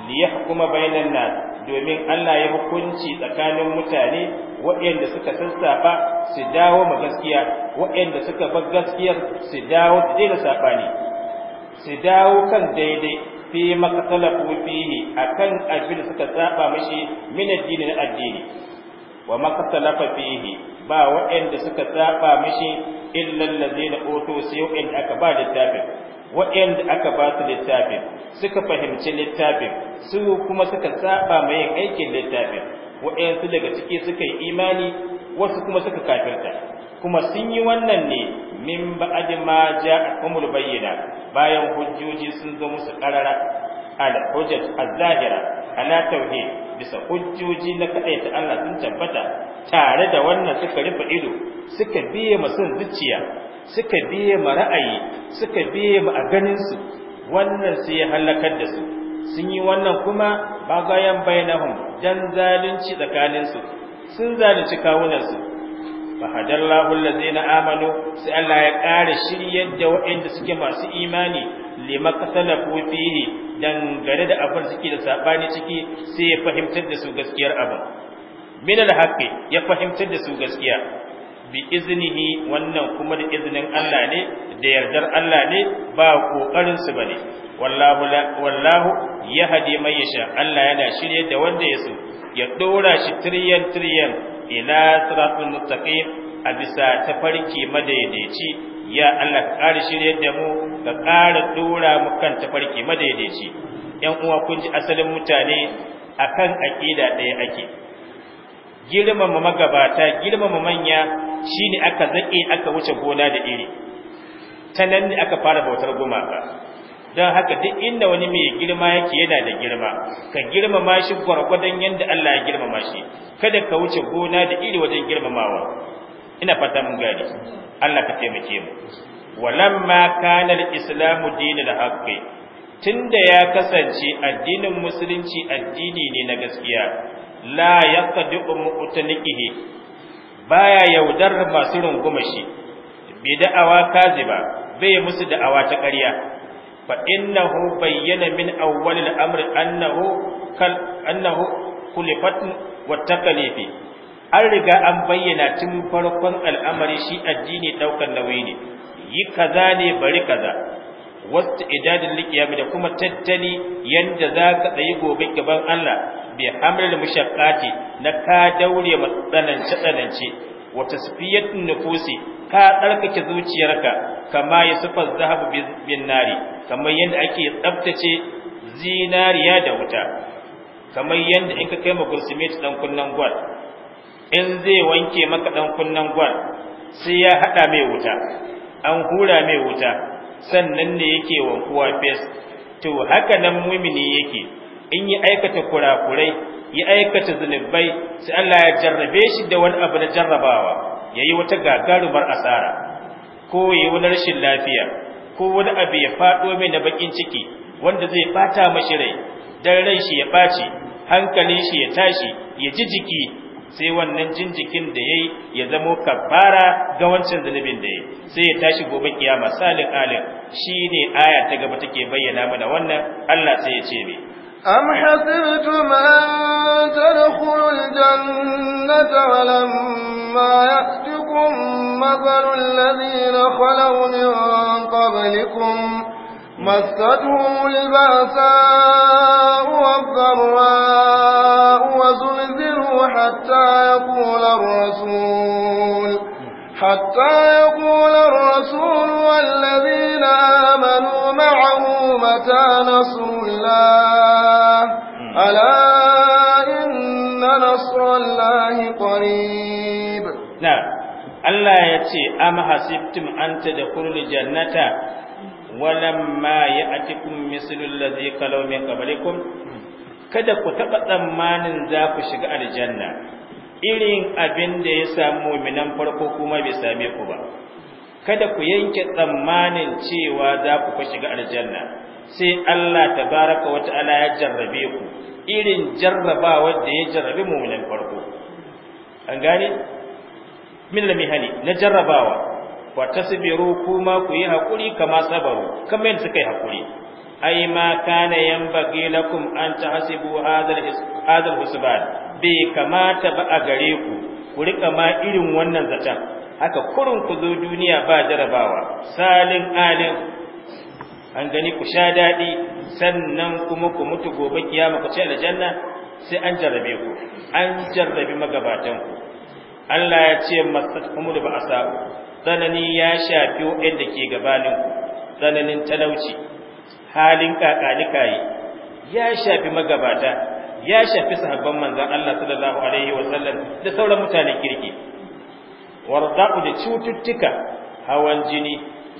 li yahkuma bainan nas domin Allah ya hukunci tsakanin mutane waɗanda suka sassafa su dawo ma gaskiya waɗanda suka bar gaskiyar su dawo da sabani su dawo kan daidai fi makasalafu fihi akan abin suka saba mishi min addini na addini wa makasalafa fihi ba waɗanda suka saba mishi illal ladzina utu sai waɗanda aka ba littafin waɗanda aka ba su littafin suka fahimci littafin su kuma suka saba mai aikin littafin waɗansu daga ciki suka yi imani wasu kuma suka kafirta kuma sun yi wannan ne min ba'adi ma ja'akumul bayyina bayan hujjoji sun zo musu qarara ala hujjat az-zahira ala tauhid bisa hujjoji na ta Allah sun tabbata tare da wannan suka rufe ido suka biye ma zuciya suka biye ma ra'ayi suka biye ma a ganin su wannan sai ya halakar da su sun yi wannan kuma ba bayan bainahum dan zalunci tsakanin su sun zalunci kawunan su fahadallahu na amanu sai Allah ya ƙara shiryar da waɗanda suke masu imani limakasalafu fihi dangane da abin suke da sabani ciki sai ya fahimtar da su gaskiyar abin min alhaqi ya fahimtar da su gaskiya bi iznihi wannan kuma da iznin Allah ne da yardar Allah ne ba kokarin su bane wallahu wallahu yahdi man Allah yana shiryar da wanda ya so ya ɗora shi tiriyan tiriyan ila siratul mustaqim a bisa tafarki madaidaici ya Allah ka ƙara shiryar da mu ka ƙara dora mu kan tafarki madaidaici yan uwa kun ji asalin mutane akan aƙida ɗaya ake girmama magabata girmama manya shine aka zaƙe aka wuce gona da iri ta nan ne aka fara bautar gumaka don haka duk inda wani mai girma yake yana da girma ka girmama shi gwargwadon yadda Allah ya girmama shi kada ka wuce gona da iri wajen girmamawa ina fata mun gari. Allah ka taimake mu walamma kana al-islamu dinul haqqi tunda ya kasance addinin musulunci addini ne na gaskiya la yaqdu mu'tanihi baya yaudar masu runguma shi bid'awa kaziba bai musu da'awa ta ƙarya فإنه بين من أول الأمر أنه كل أنه خلفت an riga an bayyana tun farkon al'amari shi addini ɗaukar nauyi ne yi kaza ne bari kaza wasu idadin likiyami da kuma tattali yadda za ka tsayi gobe gaban Allah bai hamlar mushakkati na ka daure matsanance tsanance wata sufiyar nufusi ka tsarkake zuciyarka kama ya sufa zahabu bin nari kamar yadda ake tsabtace zinariya da wuta kamar yadda in ka kai ma ta dan kunnan gwal in zai wanke maka ɗan kunnen gwal sai ya haɗa mai wuta an hura mai wuta sannan ne yake wankuwa fes to haka nan mumini yake in yi aikata kurakurai yi aikata zunubai sai Allah ya jarrabe shi da wani abu na jarrabawa Ya yi wata gagarumar asara ko yayi wani rashin lafiya ko wani abu ya faɗo mai na baƙin ciki wanda zai ɓata mashi rai dan ran shi ya ɓaci hankalin shi ya tashi ya ji jiki sai wannan jinjikin da yayi ya zamo kafara ga wancan zunubin da ya, sai ya tashi gobe kiyama salin alin shi ne aya ta gaba take bayyana mana wannan Allah sai ya ce mai أم حسبتم أن تدخلوا الجنة ولما يأتكم مثل الذين خلوا من قبلكم مستهم البأساء والضراء وزلزلوا حتى يقول الرسول حتى يقول الرسول والذين آمنوا معه متى نصر الله ألا إن نصر الله قريب نعم Allah ya ce, Am hasibtum an ta da kurli jannata, walan ma ya a cikin misalin da kada ku taɓa tsammanin za ku shiga aljanna, irin abin da ya samu muminan farko kuma bai same ku ba kada ku yanke tsammanin cewa za ku fa shiga aljanna sai Allah tabaraka wa ta'ala ya jarrabe ku irin jarrabawa da ya jarrabe muminan farko an gane min lamihani na jarrabawa wa tasbiru kuma ku yi hakuri kama sabaru kamar yadda suka yi hakuri ai ma kana yanbaghi lakum an tahsibu hadha al-hisban bai kamata ba a gare ku ku rika ma irin wannan zaton haka kurun ku zo duniya ba jarabawa salin alin an gani ku sha daɗi sannan kuma ku mutu gobe kiyama ku ce aljanna sai an jarrabe ku an jarrabe magabatan ku Allah ya ce masatkumul ba asabu tsanani ya shafi waɗanda ke gabanin ku tsananin talauci halin yi ya shafi magabata ya shafi sahabban manzan Allah sallallahu alaihi wa sallam da sauran mutanen kirki warzaqu da cututtuka hawan jini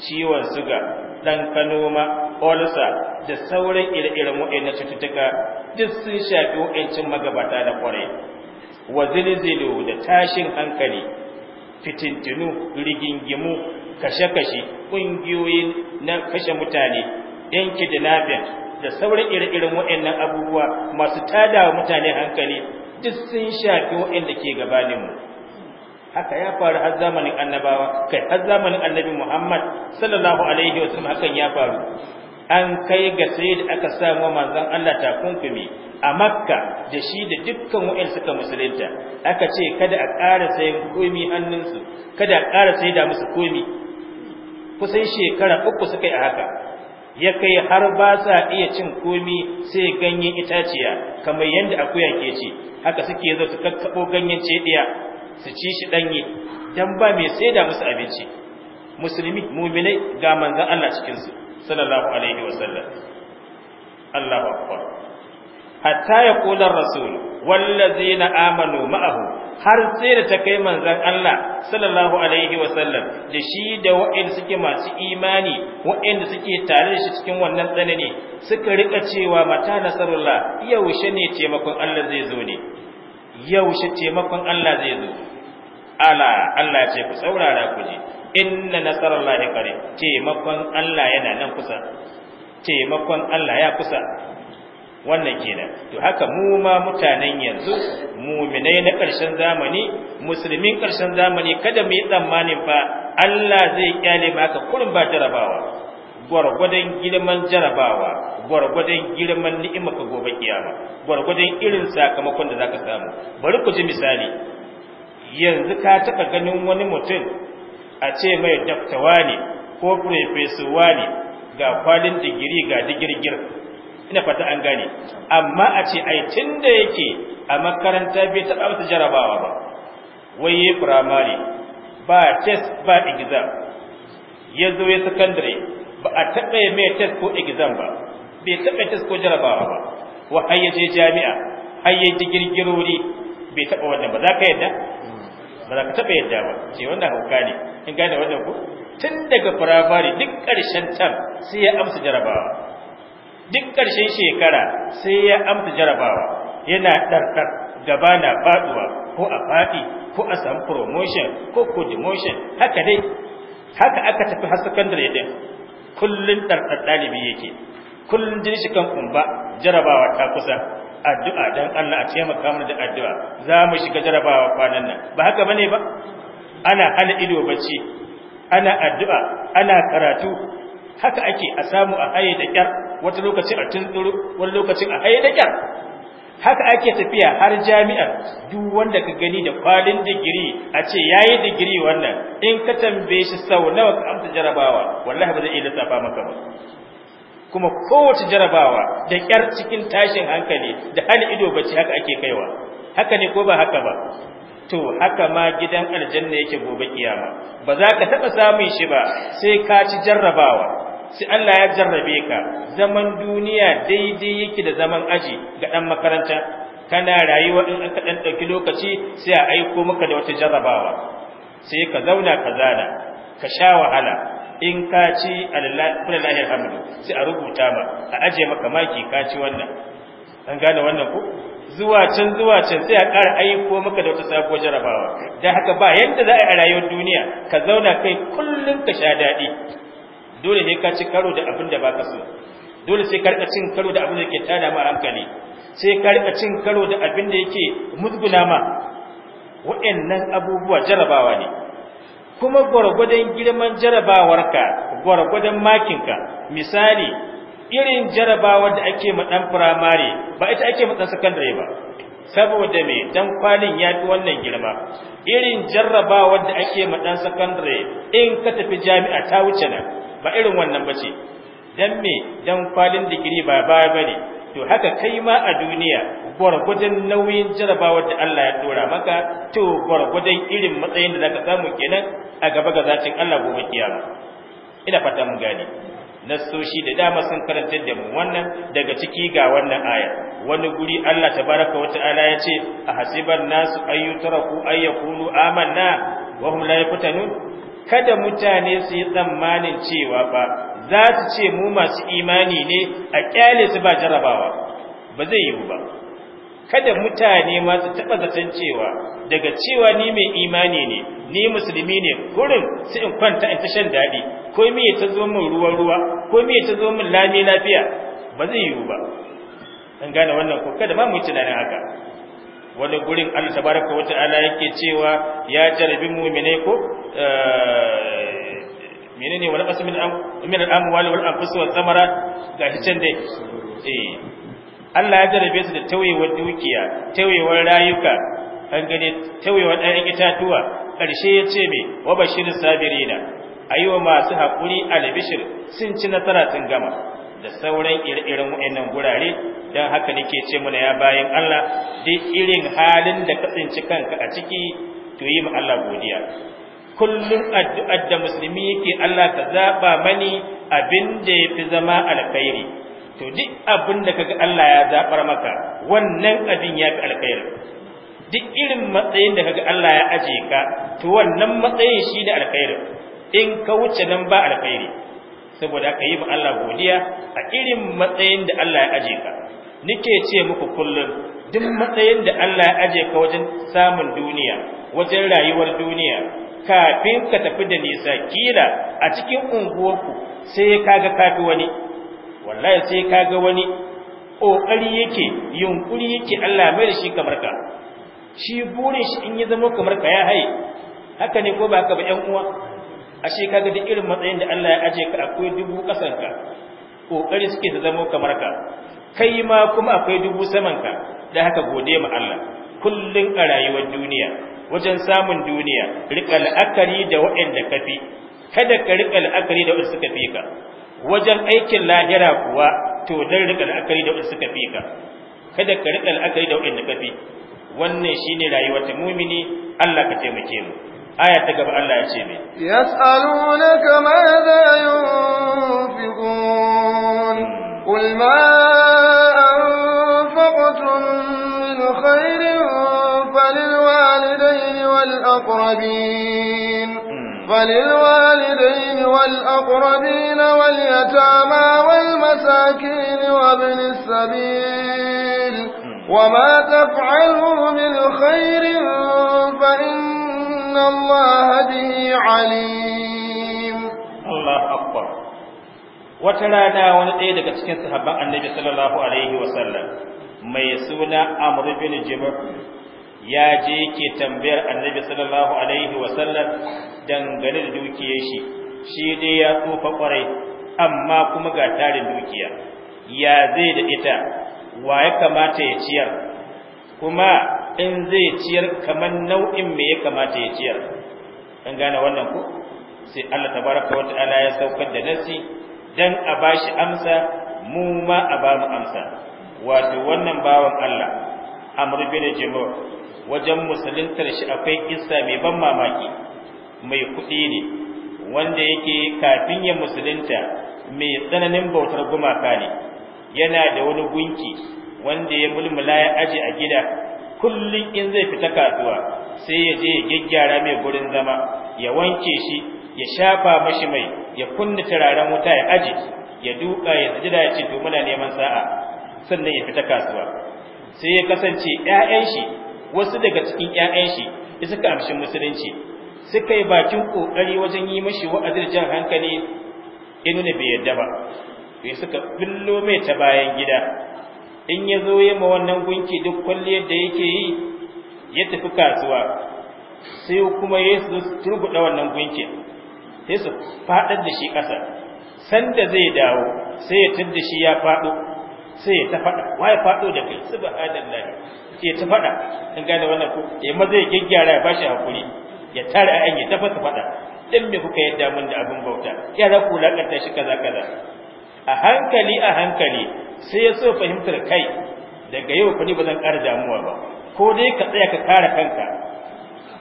ciwon suga dan kanoma olsa da sauran ire-iren waɗannan cututtuka duk sun shafi wa'ancin magabata da kwarai wa zilzilu da tashin hankali fitintinu rigingimu kashe-kashe ƙungiyoyin na kashe mutane yanki da nafiyar da sauran ire-iren waɗannan abubuwa masu tada wa mutane hankali duk sun shafi waɗanda ke gabanin mu haka ya faru har zamanin annabawa kai har zamanin annabi Muhammad sallallahu alaihi wa sallam hakan ya faru an kai ga sai da aka samu manzon Allah takunkumi a Makka da shi da dukkan wa'in suka musulunta aka ce kada a ƙara sayan komi hannunsu kada a ƙara sai da musu komi kusan shekara uku suka yi a haka ya kai har ba sa iya cin komi sai ganyen itaciya kamar yadda akuya ke ci haka suke zo su kakkabo ganyen cediya su ci shi danye, dan ba mai sai da musu abinci musulmi muminai ga manzon Allah cikin su sallallahu alaihi wasallam Allahu akbar hatta yaqula ar-rasul wallazina amanu ma'ahu har sai da ta kai manzon Allah sallallahu alaihi wasallam da shi da wa'in suke masu imani wa'in suke tare da shi cikin wannan tsanani suka rika cewa mata nasarullah yaushe ne taimakon Allah zai zo ne yaushe taimakon Allah zai zo ala Allah ya ce ku saurara ku ji inna nasarallahi qareb taimakon Allah yana nan kusa taimakon Allah ya kusa wannan kenan to haka mu ma mutanen yanzu muminai na ƙarshen zamani musulmin ƙarshen zamani kada mu yi tsammanin fa Allah zai kyale mu haka kullum ba jarabawa gwargwadon girman jarabawa gwargwadon girman ni'ima ni'imaka gobe kiyama gwargwadon irin sakamakon da zaka samu bari ku ji misali yanzu ka taɓa ganin wani mutum a ce mai daktawa ne ko profesowa ne ga kwalin digiri ga digirgir ina fata an gane amma a ce ai tun da yake a makaranta bai taɓa masa jarabawa ba wai ya firamare ba test ba exam ya zo ya secondary ba a taɓa ya mai test ko exam ba bai taɓa test ko jarabawa ba wa har ya je jami'a har ji girgirori bai taɓa wannan ba za ka yadda ba za ka taɓa yadda ba ce wannan hauka ne in gane wannan ko tun daga firamare duk ƙarshen tam sai ya amsa jarabawa duk ƙarshen shekara sai ya amsa jarabawa yana ɗarɗar gaba na faɗuwa ko a faɗi ko a samu promotion ko ko demotion haka dai haka aka tafi har secondary din kullun ɗarɗar ɗalibi yake kullun jin shi kan kumba jarabawa ta kusa addu'a dan Allah a taimaka mana da addu'a za mu shiga jarabawa kwanan nan ba haka bane ba ana hana ido bacci ana addu'a ana karatu haka ake a samu a haye da kyar wata lokacin a tuntsuru wani lokacin a haidakar haka ake tafiya har jami'ar duk wanda ka gani da kwalin digiri a ce yayi digiri wannan in ka tambaye shi sau nawa ka amsa jarabawa wallahi ba zai iya lissafa maka ba kuma kowace jarabawa da kyar cikin tashin hankali da hali ido bace haka ake kaiwa haka ne ko ba haka ba to haka ma gidan aljanna yake gobe kiyama ba za ka taɓa samun shi ba sai ka ci jarrabawa sai Allah ya jarrabe ka zaman duniya daidai yake da zaman aji ga dan makaranta kana rayuwa in aka dan dauki lokaci sai a aiko maka da wata jarrabawa sai ka zauna ka zana ka sha wahala in ka ci alhamdulillahi alhamdu sai a rubuta ma a aje maka maki ka ci wannan an gane wannan ko zuwa can zuwa can sai a ƙara aiko maka da wata sabuwar jarabawa dan haka ba yadda za a yi a rayuwar duniya ka zauna kai kullum ka sha daɗi dole ne ka ci karo da abin da baka so dole sai ka rika cin karo da abin da yake tada ma hankali sai ka rika cin karo da abin da yake muzguna ma waɗannan abubuwa jarabawa ne kuma gwargwadon girman jarabawarka gwargwadon makinka misali irin jarabawar da ake ma dan firamare ba ita ake ma dan sakandare ba saboda me dan kwalin ya fi wannan girma irin jarrabawar da ake ma dan sakandare in ka tafi jami'a ta wuce nan ba irin wannan ba ce don me don kwalin digiri ba baya ne? to haka kai ma a duniya gwargwajen nauyin jarabawar da Allah ya dora maka to gwargwajen irin matsayin da zaka samu kenan a gaba ga zacin Allah gobe kiyama ina fata mun gane nassoshi da dama sun karantar da mu wannan daga ciki ga wannan aya wani guri Allah tabaraka wa ta'ala ya ce a hasiban nasu ayyutaraku ayyakunu amanna wa hum la yaftanun kada mutane su yi tsammanin cewa ba za su ce mu masu imani ne a kyale su ba jarabawa ba zai yiwu ba kada mutane masu su zaton cewa daga cewa ni mai imani ne ni musulmi ne gurin su in kwanta in ta shan daɗi ko me ta zo min ruwa ruwa ko me ta zo min lami lafiya ba zai yiwu ba an gane wannan ko kada ma mu tunanin haka wani gurin Allah tabaraka wa ta'ala yake cewa ya jarabi mu'mine ko eh, menene wani qasmin min min al-amwali wal anfus wa thamara ga can dai eh Allah ya jarabe su da tawayewar dukiya tawayewar rayuka an gane tawayewar ɗayan itatuwa ƙarshe ya ce me wa bashir sabirina ayyuma wa masu haƙuri albishir sun ci nasara sun gama da sauran ire-iren waɗannan gurare don haka nake ce mana ya bayan Allah duk irin halin da ka tsinci kanka a ciki to yi ma Allah godiya kullum addu'ar da musulmi yake Allah ka zaba mani abin da yafi zama alkhairi to duk abin da kaga Allah ya zabar maka wannan abin ya fi alkhairi duk irin matsayin da kaga Allah ya aje ka to wannan matsayin shi da alkhairi in ka wuce nan ba alkhairi saboda ka yi ma Allah godiya a irin matsayin da Allah ya aje ka nike ce muku kullum duk matsayin da Allah ya aje ka wajen samun duniya wajen rayuwar duniya kafin ka tafi da nisa kila a cikin unguwarku sai kaga kafi wani wallahi sai kaga wani kokari yake yunkuri yake Allah mai da shi kamar ka shi burin shi in ya zama kamar ka ya haye haka ne ko ba ka ba ƴan uwa ashe ka ga duk irin matsayin da Allah ya aje ka akwai dubu kasan ka kokari suke ta zamo kamar ka kai ma kuma akwai dubu saman ka da haka gode ma Allah kullun a rayuwar duniya wajen samun duniya rika la'akari da waɗanda ka kada ka rika la'akari da waɗanda suka fi ka wajen aikin lahira kuwa to dan rika la'akari da waɗanda suka fi ka kada ka rika la'akari da waɗanda ka wannan shine rayuwar mu'mini Allah ka taimake mu آية تقبل الله يسيبين يسألونك ماذا ينفقون قل ما أنفقتم من خير فللوالدين والأقربين فللوالدين والأقربين واليتامى والمساكين وابن السبيل وما تفعله من خير فإن إن الله به عليم الله أكبر وترانا ونطيد cikin صحابة Annabi Sallallahu alaihi عليه وسلم ميسونا أمر بن جبر ya je ke tambayar annabi sallallahu alaihi wasallam dangane da dukiyar shi shi dai ya tsufa kwarai amma kuma ga tarin dukiya ya zai da ita wa ya kamata ya ciyar kuma in zai ciyar kamar nau'in me ya kamata ya ciyar an gane wannan ko sai Allah tabaraka wa ta'ala ya saukar da nasi dan a bashi amsa mu ma a ba mu amsa wato wannan bawan Allah Amr bin Jamur wajen musulintar shi akwai kissa mai ban mamaki mai kuɗi ne wanda yake kafin ya musulunta mai tsananin bautar gumaka ne yana da wani gunki wanda ya mulmula ya aje a gida kullum in zai fita kasuwa sai ya je ya gyaggyara mai gurin zama ya wanke shi ya shafa mashi mai ya kunna turaren wuta ya aje ya duka ya sajida ya ce to muna neman sa'a sannan ya fita kasuwa sai ya kasance ƴaƴan shi wasu daga cikin ƴaƴan shi da suka amshi musulunci suka yi bakin kokari wajen yi mashi da jan hankali inuna bai yadda ba sai suka billo mai ta bayan gida in ya zo ya ma wannan gunki duk kulli da yake yi ya tafi kasuwa sai kuma ya zo su turbuɗa wannan gunki sai su faɗar da shi ƙasa sanda zai dawo sai ya tudda shi ya faɗo sai ya ta faɗa wa ya faɗo da kai su ba'adallahi sai ya ta faɗa in gane wannan ko ya ma zai gyaggyara ya bashi hakuri ya tare a ya ta faɗa dan me kuka yadda mun da abin bauta ya za ku lakanta shi kaza kaza a hankali a hankali sai ya so fahimtar kai daga yau fa ni ba zan ƙara damuwa ba ko dai ka tsaya ka kare kanka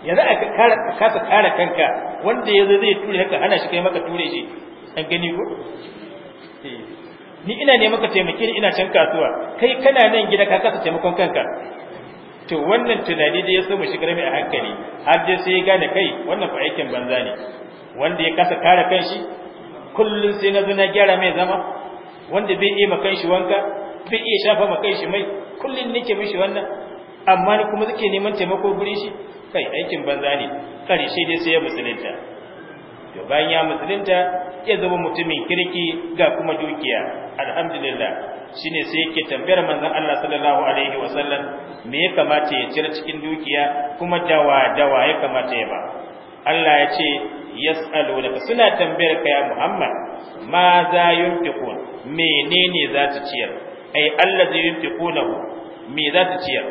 yanzu a ka kasa kare kanka wanda ya zo zai ture haka hana shi kai maka ture shi an gani ko eh. ni ina ne maka taimake ni ina can kasuwa kai kana nan gida ka kasa taimakon kanka to wannan tunani da ya so mu shiga mai a hankali har dai sai ya gane kai wannan fa aikin banza ne wanda ya kasa kare kanshi kullum sai na zo na gyara mai zama wanda bai iya makan shi wanka bai iya shafa makan shi mai kullum nake mishi wannan amma ni kuma suke neman taimako guri shi kai aikin banza ne karshe dai sai ya musulunta to bayan ya musulunta ya zama mutumin kirki ga kuma dukiya alhamdulillah shine sai yake tambayar manzon Allah sallallahu alaihi wa sallam me ya kamata ya cire cikin dukiya kuma dawa dawa ya kamata ya ba Allah ya ce yas'alunaka suna tambayar ka ya Muhammad ma za yunfiqun menene za ta ciyar ai allazi yunfiqunahu me za ta ciyar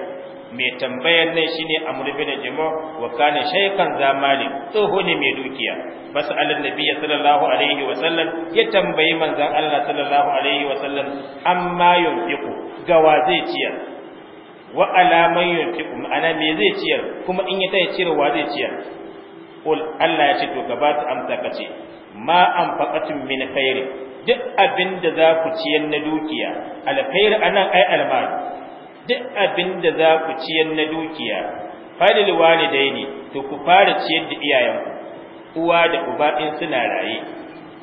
mai tambayar nan shine Amr bin Jamo wa kana shaykan zamani tsoho ne mai dukiya mas'alan nabiy sallallahu alaihi wa sallam ya tambayi manzon Allah sallallahu alaihi wa sallam amma ga gawa zai ciyar wa alaman yunfiqu ana me zai ciyar kuma in ya tayi wa zai ciyar kul Allah ya ce to ka ba su amsa ka ce ma anfaqatum min duk abinda za ku ciyar na dukiya alkhair anan ai almal duk abinda za ku ciyar na dukiya falil walidaini to ku fara ciyar da iyayenku uwa da uba in suna raye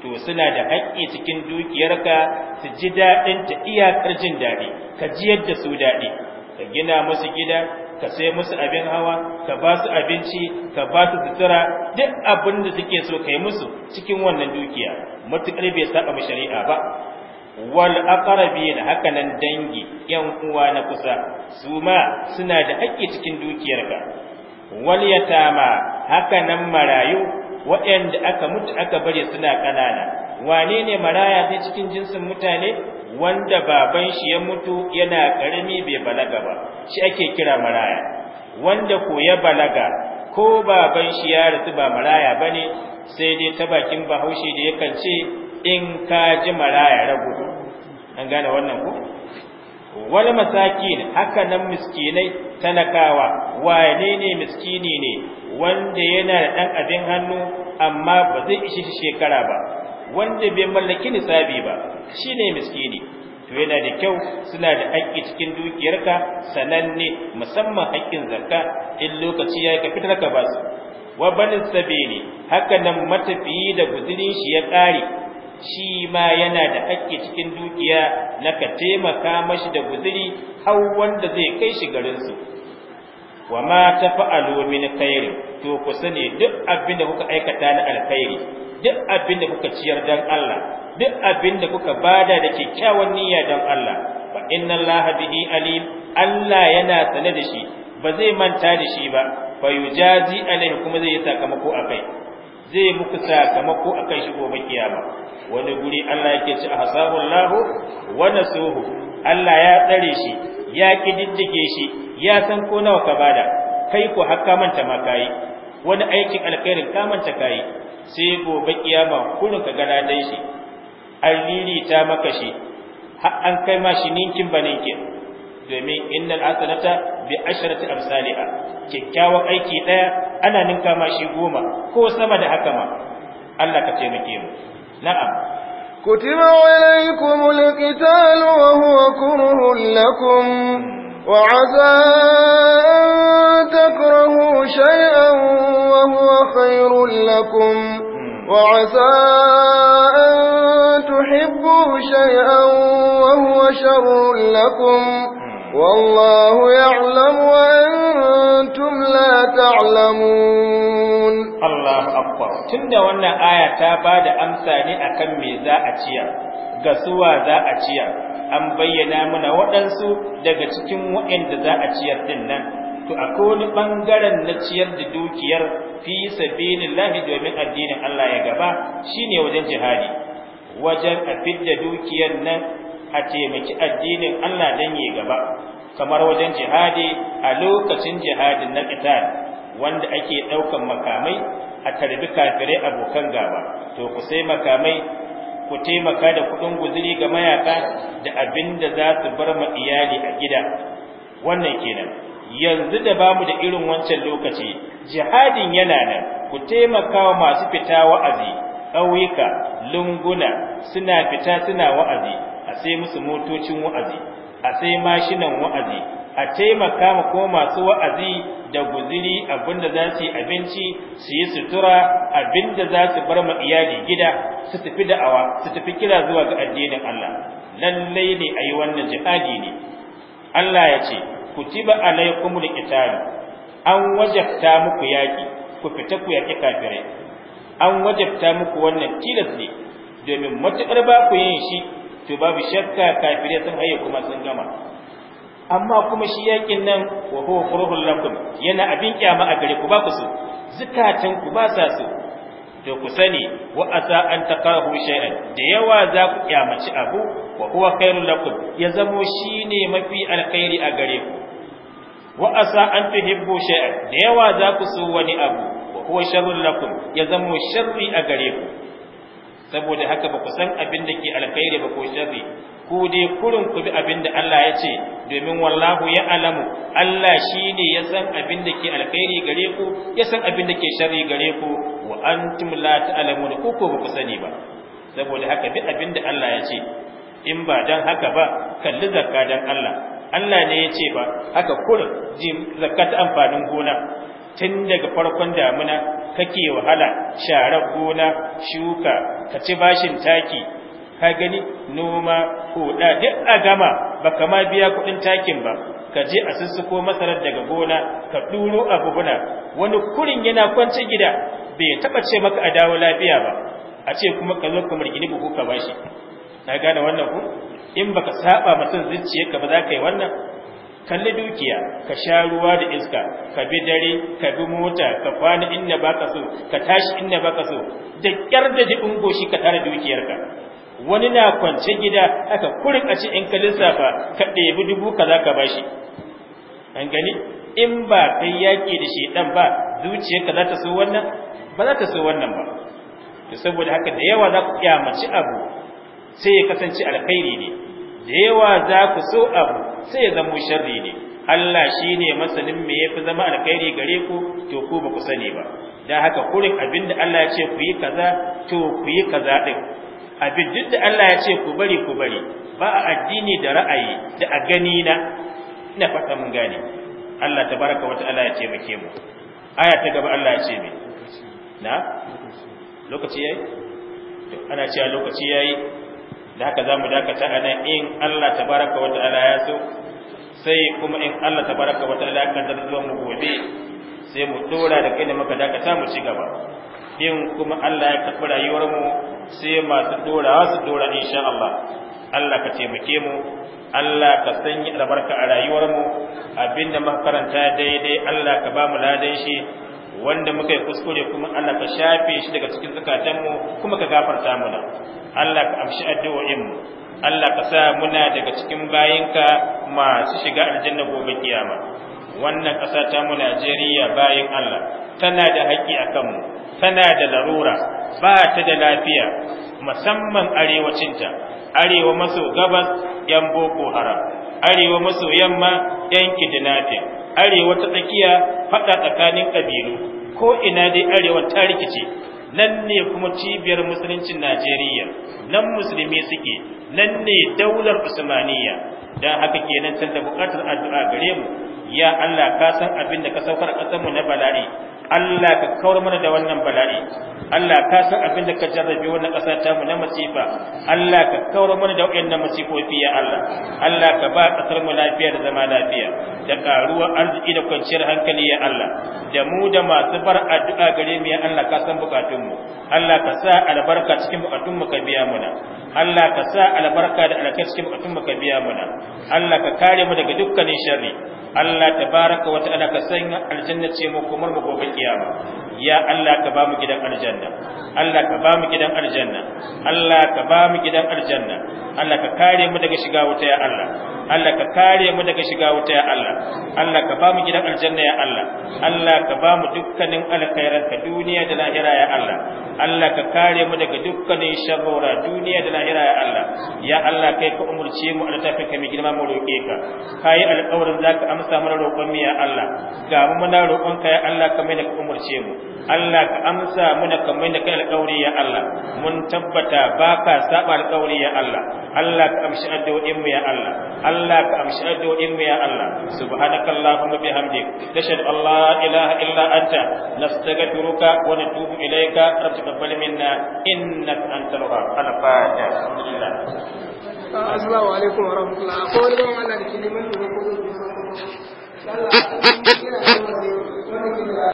to suna da hakki cikin dukiyarka su ji daɗin ta iyakar jin daɗi ka ji yadda su daɗi ka gina musu gida ka sai musu abin hawa ka ba su abinci ka ba su sutura duk abin da suke so kai musu cikin wannan dukiya matukar bai saba mu shari'a ba wal aqrabin hakanan dangi yan uwa na kusa su ma suna da haƙƙi cikin dukiyarka wal yatama hakanan marayu waɗanda aka mutu aka bari suna ƙanana wane ne maraya ne cikin jinsin mutane wanda baban shi ya mutu yana ƙarami bai balaga ba shi ake kira maraya wanda ko ya balaga ko baban shi ya rasu ba maraya bane sai dai ta bakin bahaushe da yakan ce in ka ji maraya rago an gane wannan ko wal masakin haka nan miskinai talakawa wane ne miskini ne wanda yana da ɗan abin hannu amma ba zai ishi shekara ba wanda bai mallaki nisabi ba shi ne miskini to yana da kyau suna da haƙƙi cikin dukiyarka sananne musamman haƙƙin zakka in lokaci ya ka fitar ka ba su wa banin sabili haka nan matafiyi da guzurin shi ya ƙare shi ma yana da haƙƙi cikin dukiya na ka taimaka mashi da guzuri har wanda zai kai shi garinsu wa ma tafa'alu min khairin to ku sani duk abin da kuka aikata na alkhairi duk abin da kuka ciyar dan Allah duk abin da kuka bada da kyakkyawan niyya dan Allah fa inna Allah bihi alim Allah yana sane da shi ba zai manta da shi ba fa yujazi alaihi kuma zai yi sakamako akai zai muku sakamako akai shi gobe kiyama wani guri Allah yake ci ahsabullahu wa nasuhu Allah ya tsare shi ya kididdige shi ya san ko nawa ka bada kai ku hakka manta ma kai wani aikin alkhairin ka manta kai sai gobe kiyama kurin ka gana dai shi an ta maka shi har an kai ma shi ninkin ba ninkin domin innal hasanata bi asharati amsalha kikkiawan aiki daya ana ninka ma shi goma ko sama da haka ma Allah ka taimake mu na'am كتب عليكم wa huwa kurhun lakum وعسى أن تكرهوا شيئا وهو خير لكم وعسى أن تحبوا شيئا وهو شر لكم والله يعلم وأنتم لا تعلمون الله أكبر تند وانا آية تابا أمساني أكمي ذا أتيا قسوا ذا أتيا أم بينا من وأنسو daga cikin waɗanda za تنن ciyar din nan to akwai wani bangaren na ciyar da dukiyar fi sabilillahi domin addinin Allah ya gaba shine wajen jihadi wajen a dukiyar nan a taimaki addinin Allah dan yi gaba kamar wajen jihadi a lokacin jihadin na qital wanda ake ɗaukan makamai a tarbi kafirai abokan gaba to ku sai makamai ku taimaka da kuɗin guziri ga mayaka da abin da za su bar ma iyali a gida wannan kenan yanzu da ba mu da irin wancan lokaci jihadin yana nan ku taimaka wa masu fita wa'azi ƙauyuka lunguna suna fita suna wa'azi a sai musu motocin wa'azi a sai mashinan wa'azi a taimaka ma ko masu wa'azi da guziri abinda za su yi abinci su yi sutura abinda za su bar ma iyali gida su tafi da'awa su tafi kira zuwa ga addinin Allah lallai ne a yi wannan jihadi ne Allah ya ce ku kutiba da qitalu an wajabta muku yaƙi ku fita ku yaki kafirai an wajabta muku wannan tilas ne domin matuƙar ba ku yin shi to babu shakka kafire sun haye kuma sun gama amma kuma shi yakin nan wa huwa kurhul lakum yana abin kyama a gare ku ba ku su ku ba sa su. to ku sani wa asa an taqahu shay'an da yawa za ku kyamaci abu wa huwa khairul lakum ya zamo shine mafi alkhairi a gare ku wa asa an tuhibbu shay'an da yawa za ku so wani abu wa huwa sharrul lakum ya zamo sharri a gare ku saboda haka ba ku san abin da ke alkhairi ba ko sharri ku dai kurin ku bi abin da Allah ya ce domin wallahu ya alamu Allah shine ya san abin da ke alkhairi gare ku ya san abin da ke sharri gare ku wa antum la ta'lamun ku ko ba ku sani ba saboda haka bi abin da Allah ya ce in ba dan haka ba kalli zakka dan Allah Allah ne ya ce ba haka kurin zakka ta amfanin gona tun daga farkon damuna kake wahala sharar gona shuka ka ci bashin taki ka gani noma da, duk a gama baka ma biya kuɗin takin ba ka je a sussuko masarar daga gona ka ɗuro a wani kurin yana kwance gida bai taɓa ce maka a dawo lafiya ba a ce kuma ka zo ka margini buku ka bashi na gane wannan ku in baka saba mutum zuciyarka ba za ka yi wannan kalli dukiya ka sha ruwa da iska ka bi dare ka bi mota ka kwana inda baka so ka tashi inda baka so da kyar da jibin goshi ka tara dukiyarka wani na kwance gida aka kurin a in ka lissafa ka ɗebi dubu kaza ka bashi an gani in ba kai yaƙi da shi ɗan ba zuciyarka za ta so wannan ba za ta so wannan ba saboda haka da yawa za ku kyamaci abu sai ya kasance alkhairi ne da yawa za ku so abu sai ya zama sharri ne Allah shi ne masanin me ya fi zama alkhairi gare ku to ku ba ku sani ba da haka kurin abin da Allah ya ce ku yi kaza to ku yi kaza ɗin abin duk da Allah ya ce ku bari ku bari ba a addini da ra'ayi da a gani na ina fata mun gane Allah tabaraka wata Allah ya taimake mu aya ta gaba Allah ya ce me na lokaci yayi ana cewa lokaci yayi da haka zamu dakata anan in Allah tabaraka wa ta'ala ya so sai kuma in Allah tabaraka wa ta'ala ya kaddara zuwa mu gobe sai mu dora da kai da muka dakata mu ci gaba in kuma Allah ya karɓi rayuwar mu sai masu dora su dora insha Allah Allah ka taimake mu Allah ka sanya albarka a rayuwar mu abinda muka karanta daidai Allah ka ba mu ladan shi wanda muka yi kuskure kuma Allah ka shafe shi daga cikin mu, kuma ka gafarta mu mana Allah ka amshi addu'o'in Allah ka sa muna daga cikin bayinka masu shiga aljanna gobe kiyama wannan ƙasa ta mu Najeriya bayin Allah tana da haƙƙi a kanmu tana da larura ba ta da lafiya musamman arewacinta arewa maso gabas yan boko haram arewa maso yamma yan kidnapping arewa ta tsakiya faɗa tsakanin ƙabilu ko ina dai arewa ta rikice nan ne kuma cibiyar musuluncin Najeriya nan musulmi suke nan ne daular Usmaniyya dan haka kenan tun da bukatar addu'a gare mu ya Allah ka san abin da ka saukar kasar mu na bala'i Allah ka kawar mana da wannan bala'i Allah ka san abin da ka jarrabe wannan ƙasa ta mu na masifa Allah ka kawar mana da waɗannan masifofi ya Allah Allah ka ba ƙasar mu lafiya da zama lafiya da karuwa arziki da kwanciyar hankali ya Allah da mu da masu bar addu'a gare mu ya Allah ka san bukatun mu Allah ka sa albarka cikin bukatun mu ka biya mana Allah ka sa albarka da alkhairi cikin bukatun mu ka biya muna Allah ka kare mu daga dukkanin sharri Allah baraka wa ta'ala ka sanya aljanna ce mu kuma mu gobe kiyama ya Allah ka ba mu gidan aljanna Allah ka ba mu gidan aljanna Allah ka ba mu gidan aljanna Allah ka kare mu daga shiga wuta ya Allah Allah ka kare mu daga shiga wuta ya Allah Allah ka ba mu gidan aljanna ya Allah Allah ka ba mu dukkanin alkhairar ka duniya da lahira ya Allah Allah ka kare mu daga dukkanin sharrora duniya da lahira ya Allah ya Allah kai ka umurce mu a littafin kai mai girma mu roƙe ka kai alƙawarin zaka amsa mana roƙon mu ya Allah ga mu muna roƙon ka ya Allah kamar da ka umarce mu Allah ka amsa muna kamar da kai alƙawari ya Allah mun tabbata baka saba alƙawari ya Allah Allah ka amshi addu'o'in mu ya Allah Allah ka amshi addu'o'in mu ya Allah subhanakallahumma bihamdik tashhadu an la ilaha illa anta nastaghfiruka wa natubu ilayka rabbana minna innaka antal أنت الغفور أنا assalamu alaikum wa rahmatullah akwai wani ban Allah da ke neman ko zai